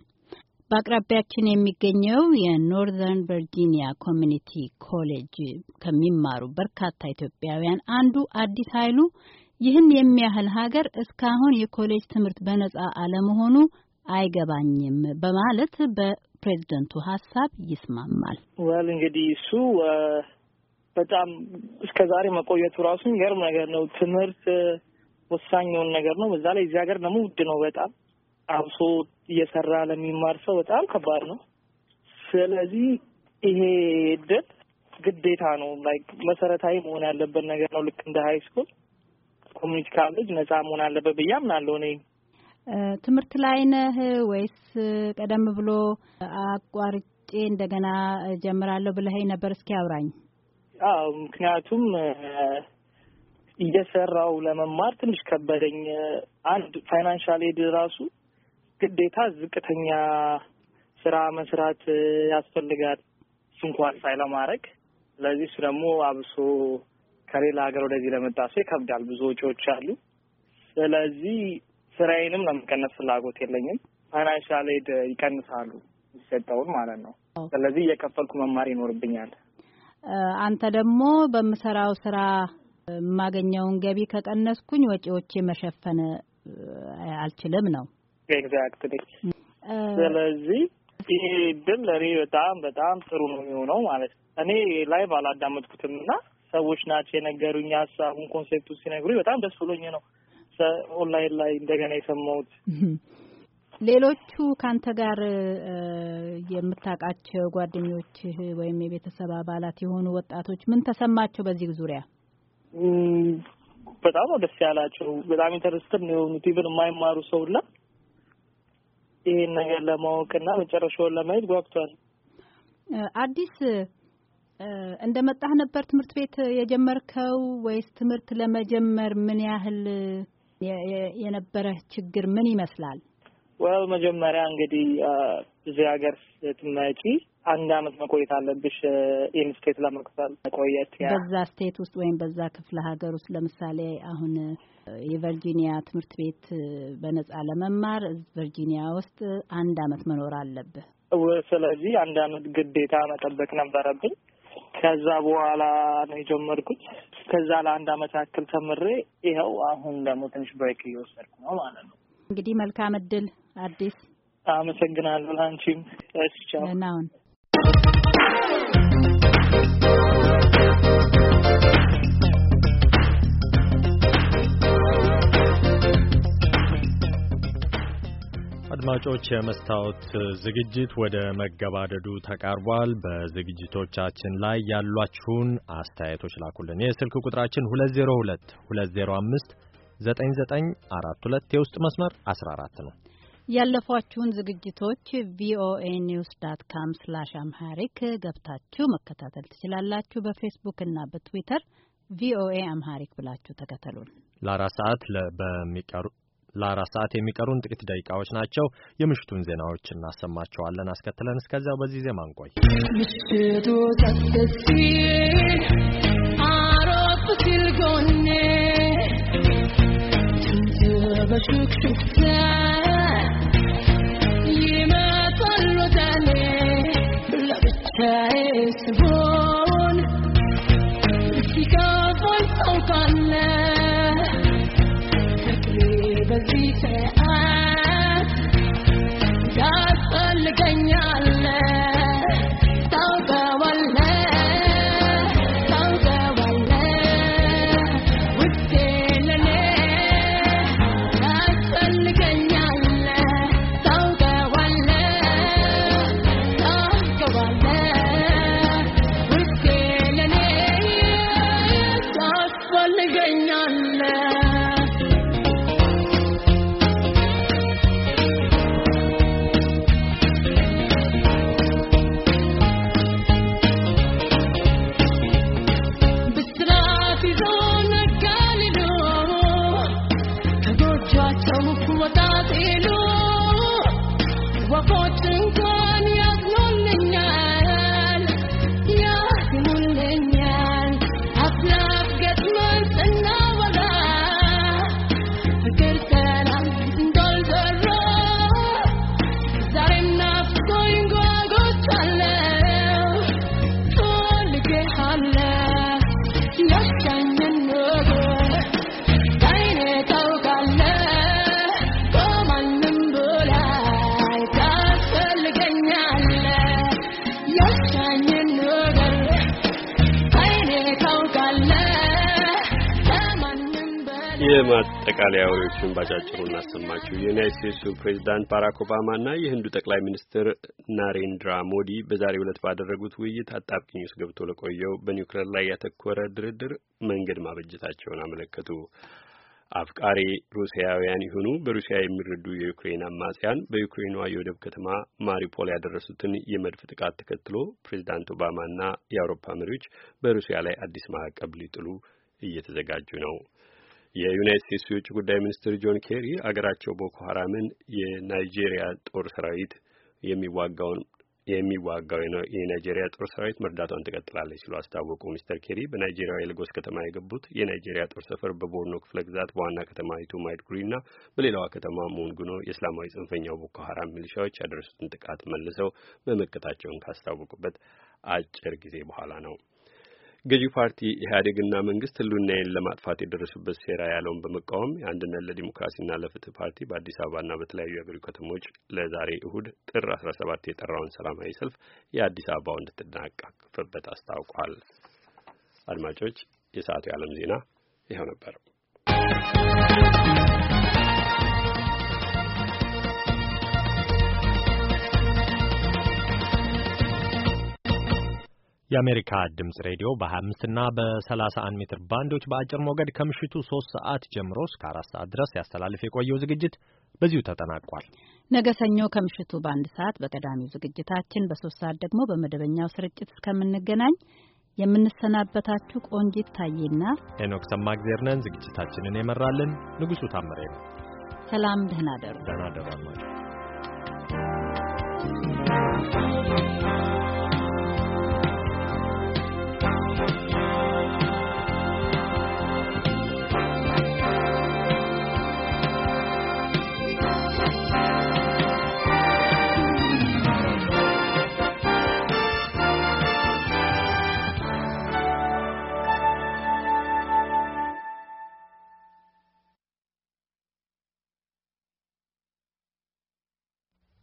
በአቅራቢያችን የሚገኘው የኖርዘርን ቨርጂኒያ ኮሚኒቲ ኮሌጅ ከሚማሩ በርካታ ኢትዮጵያውያን አንዱ አዲስ ኃይሉ ይህን የሚያህል ሀገር እስካሁን የኮሌጅ ትምህርት በነጻ አለመሆኑ አይገባኝም በማለት በፕሬዝደንቱ ሀሳብ ይስማማል። ወል እንግዲህ እሱ በጣም እስከ ዛሬ መቆየቱ ራሱ የሚገርም ነገር ነው። ትምህርት ወሳኝ የሆነ ነገር ነው። በዛ ላይ እዚህ ሀገር ደግሞ ውድ ነው በጣም አብሶ እየሰራ ለሚማር ሰው በጣም ከባድ ነው። ስለዚህ ይሄ እድል ግዴታ ነው፣ ላይክ መሰረታዊ መሆን ያለበት ነገር ነው። ልክ እንደ ሀይ ስኩል ኮሚኒቲ ካሌጅ ነጻ መሆን አለበት ብዬ አምናለሁ እኔ ትምህርት ላይ ነህ ወይስ ቀደም ብሎ አቋርጬ እንደገና ጀምራለሁ ብለህ ነበር? እስኪ አውራኝ። አዎ፣ ምክንያቱም እየሰራው ለመማር ትንሽ ከበደኝ። አንድ ፋይናንሻል ኤድ ራሱ ግዴታ ዝቅተኛ ስራ መስራት ያስፈልጋል ስንኳን ሳይ ለማድረግ ስለዚህ እሱ ደግሞ አብሶ ከሌላ ሀገር ወደዚህ ለመጣ ሰው ይከብዳል። ብዙ ወጪዎች አሉ። ስለዚህ ስራዬንም ለመቀነስ ፍላጎት የለኝም። ፋይናንሻል ኤድ ይቀንሳሉ ይሰጠውን ማለት ነው። ስለዚህ እየከፈልኩ መማር ይኖርብኛል። አንተ ደግሞ በምሰራው ስራ የማገኘውን ገቢ ከቀነስኩኝ ወጪዎቼ መሸፈን አልችልም ነው ኤግዛክትሊ። uh. ስለዚህ ይሄ ድል ለእኔ በጣም በጣም ጥሩ ነው የሚሆነው ማለት ነው። እኔ ላይ ባላዳመጥኩትም እና ሰዎች ናቸው የነገሩኝ ሀሳቡን ኮንሴፕቱ ሲነግሩኝ በጣም ደስ ብሎኝ ነው ኦንላይን ላይ እንደገና የሰማሁት። ሌሎቹ ከአንተ ጋር የምታውቃቸው ጓደኞችህ ወይም የቤተሰብ አባላት የሆኑ ወጣቶች ምን ተሰማቸው በዚህ ዙሪያ? በጣም ነው ደስ ያላቸው። በጣም ኢንተረስትድ ነው የሆኑት። ኢቨን የማይማሩ ሰው ይህን ነገር ለማወቅና መጨረሻውን ለማየት ጓጉቷል። አዲስ እንደ መጣህ ነበር ትምህርት ቤት የጀመርከው ወይስ ትምህርት ለመጀመር ምን ያህል የነበረ ችግር ምን ይመስላል? ወል መጀመሪያ እንግዲህ እዚህ ሀገር ስትመጪ አንድ አመት መቆየት አለብሽ። ይህን ስቴት ለመቅሰል መቆየት በዛ ስቴት ውስጥ ወይም በዛ ክፍለ ሀገር ውስጥ ለምሳሌ አሁን የቨርጂኒያ ትምህርት ቤት በነጻ ለመማር ቨርጂኒያ ውስጥ አንድ አመት መኖር አለብህ። ስለዚህ አንድ አመት ግዴታ መጠበቅ ነበረብኝ። ከዛ በኋላ ነው የጀመርኩት። ከዛ ለአንድ አመት ያክል ተምሬ ይኸው አሁን ደግሞ ትንሽ ብሬክ እየወሰድኩ ነው ማለት ነው። እንግዲህ መልካም እድል አዲስ። አመሰግናለሁ። አንቺም እስቻ አድማጮች የመስታወት ዝግጅት ወደ መገባደዱ ተቃርቧል። በዝግጅቶቻችን ላይ ያሏችሁን አስተያየቶች ላኩልን። የስልክ ቁጥራችን 202 205 9942 የውስጥ መስመር 14 ነው። ያለፏችሁን ዝግጅቶች ቪኦኤ ኒውስ ዳት ካም ስላሽ አምሃሪክ ገብታችሁ መከታተል ትችላላችሁ። በፌስቡክ እና በትዊተር ቪኦኤ አምሃሪክ ብላችሁ ተከተሉን። ለአራት ሰዓት በሚቀሩ ለአራት ሰዓት የሚቀሩን ጥቂት ደቂቃዎች ናቸው። የምሽቱን ዜናዎች እናሰማቸዋለን። አስከትለን እስከዚያው በዚህ ዜማ እንቆይ። ምሽቱ አሮፍ ሲል ጎኔ በሹክሹክታ final አውስትራሊያ ወሬዎችን ባጫጭሩ እናሰማችሁ። የዩናይት ስቴትሱ ፕሬዚዳንት ባራክ እና የህንዱ ጠቅላይ ሚኒስትር ናሬንድራ ሞዲ በዛሬው ዕለት ባደረጉት ውይይት አጣብቂኝ ውስጥ ገብቶ ለቆየው በኒውክሌር ላይ ያተኮረ ድርድር መንገድ ማበጀታቸውን አመለከቱ። አፍቃሪ ሩሲያውያን ይሁኑ በሩሲያ የሚረዱ የዩክሬን አማጽያን በዩክሬኗ የወደብ ከተማ ማሪፖል ያደረሱትን የመድፍ ጥቃት ተከትሎ ፕሬዚዳንት ኦባማና የአውሮፓ መሪዎች በሩሲያ ላይ አዲስ ማዕቀብ ሊጥሉ እየተዘጋጁ ነው። የዩናይት ስቴትስ የውጭ ጉዳይ ሚኒስትር ጆን ኬሪ አገራቸው ቦኮ ሀራምን የናይጄሪያ ጦር ሰራዊት የሚዋጋውን የሚዋጋው የናይጄሪያ ጦር ሰራዊት መርዳቷን ትቀጥላለች ሲሉ አስታወቁ። ሚስተር ኬሪ በናይጄሪያ የልጎስ ከተማ የገቡት የናይጄሪያ ጦር ሰፈር በቦርኖ ክፍለ ግዛት በዋና ከተማይቱ ማይዱጉሪና በሌላዋ ከተማ ሞንጉኖ የእስላማዊ ጽንፈኛው ቦኮ ሀራም ሚሊሻዎች ያደረሱትን ጥቃት መልሰው መመከታቸውን ካስታወቁበት አጭር ጊዜ በኋላ ነው። ገዢው ፓርቲ ኢህአዴግና መንግስት ህልውናዬን ለማጥፋት የደረሱበት ሴራ ያለውን በመቃወም የአንድነት ለዲሞክራሲና ለፍትህ ፓርቲ በአዲስ አበባና በተለያዩ የአገሩ ከተሞች ለዛሬ እሁድ ጥር አስራ ሰባት የጠራውን ሰላማዊ ሰልፍ የአዲስ አበባው እንድትደናቀፍበት አስታውቋል። አድማጮች፣ የሰዓቱ የዓለም ዜና ይኸው ነበር። የአሜሪካ ድምፅ ሬዲዮ በ25 እና በ31 ሜትር ባንዶች በአጭር ሞገድ ከምሽቱ 3 ሰዓት ጀምሮ እስከ 4 ሰዓት ድረስ ያስተላልፍ የቆየው ዝግጅት በዚሁ ተጠናቋል። ነገ ሰኞ ከምሽቱ በአንድ ሰዓት በቀዳሚው ዝግጅታችን፣ በሶስት ሰዓት ደግሞ በመደበኛው ስርጭት እስከምንገናኝ የምንሰናበታችሁ ቆንጂት ታዬና ሄኖክ ሰማእግዜር ነን። ዝግጅታችንን የመራልን ንጉሡ ታምሬ ነው። ሰላም፣ ደህና ደሩ። ደህና ደሩ አድማጮች።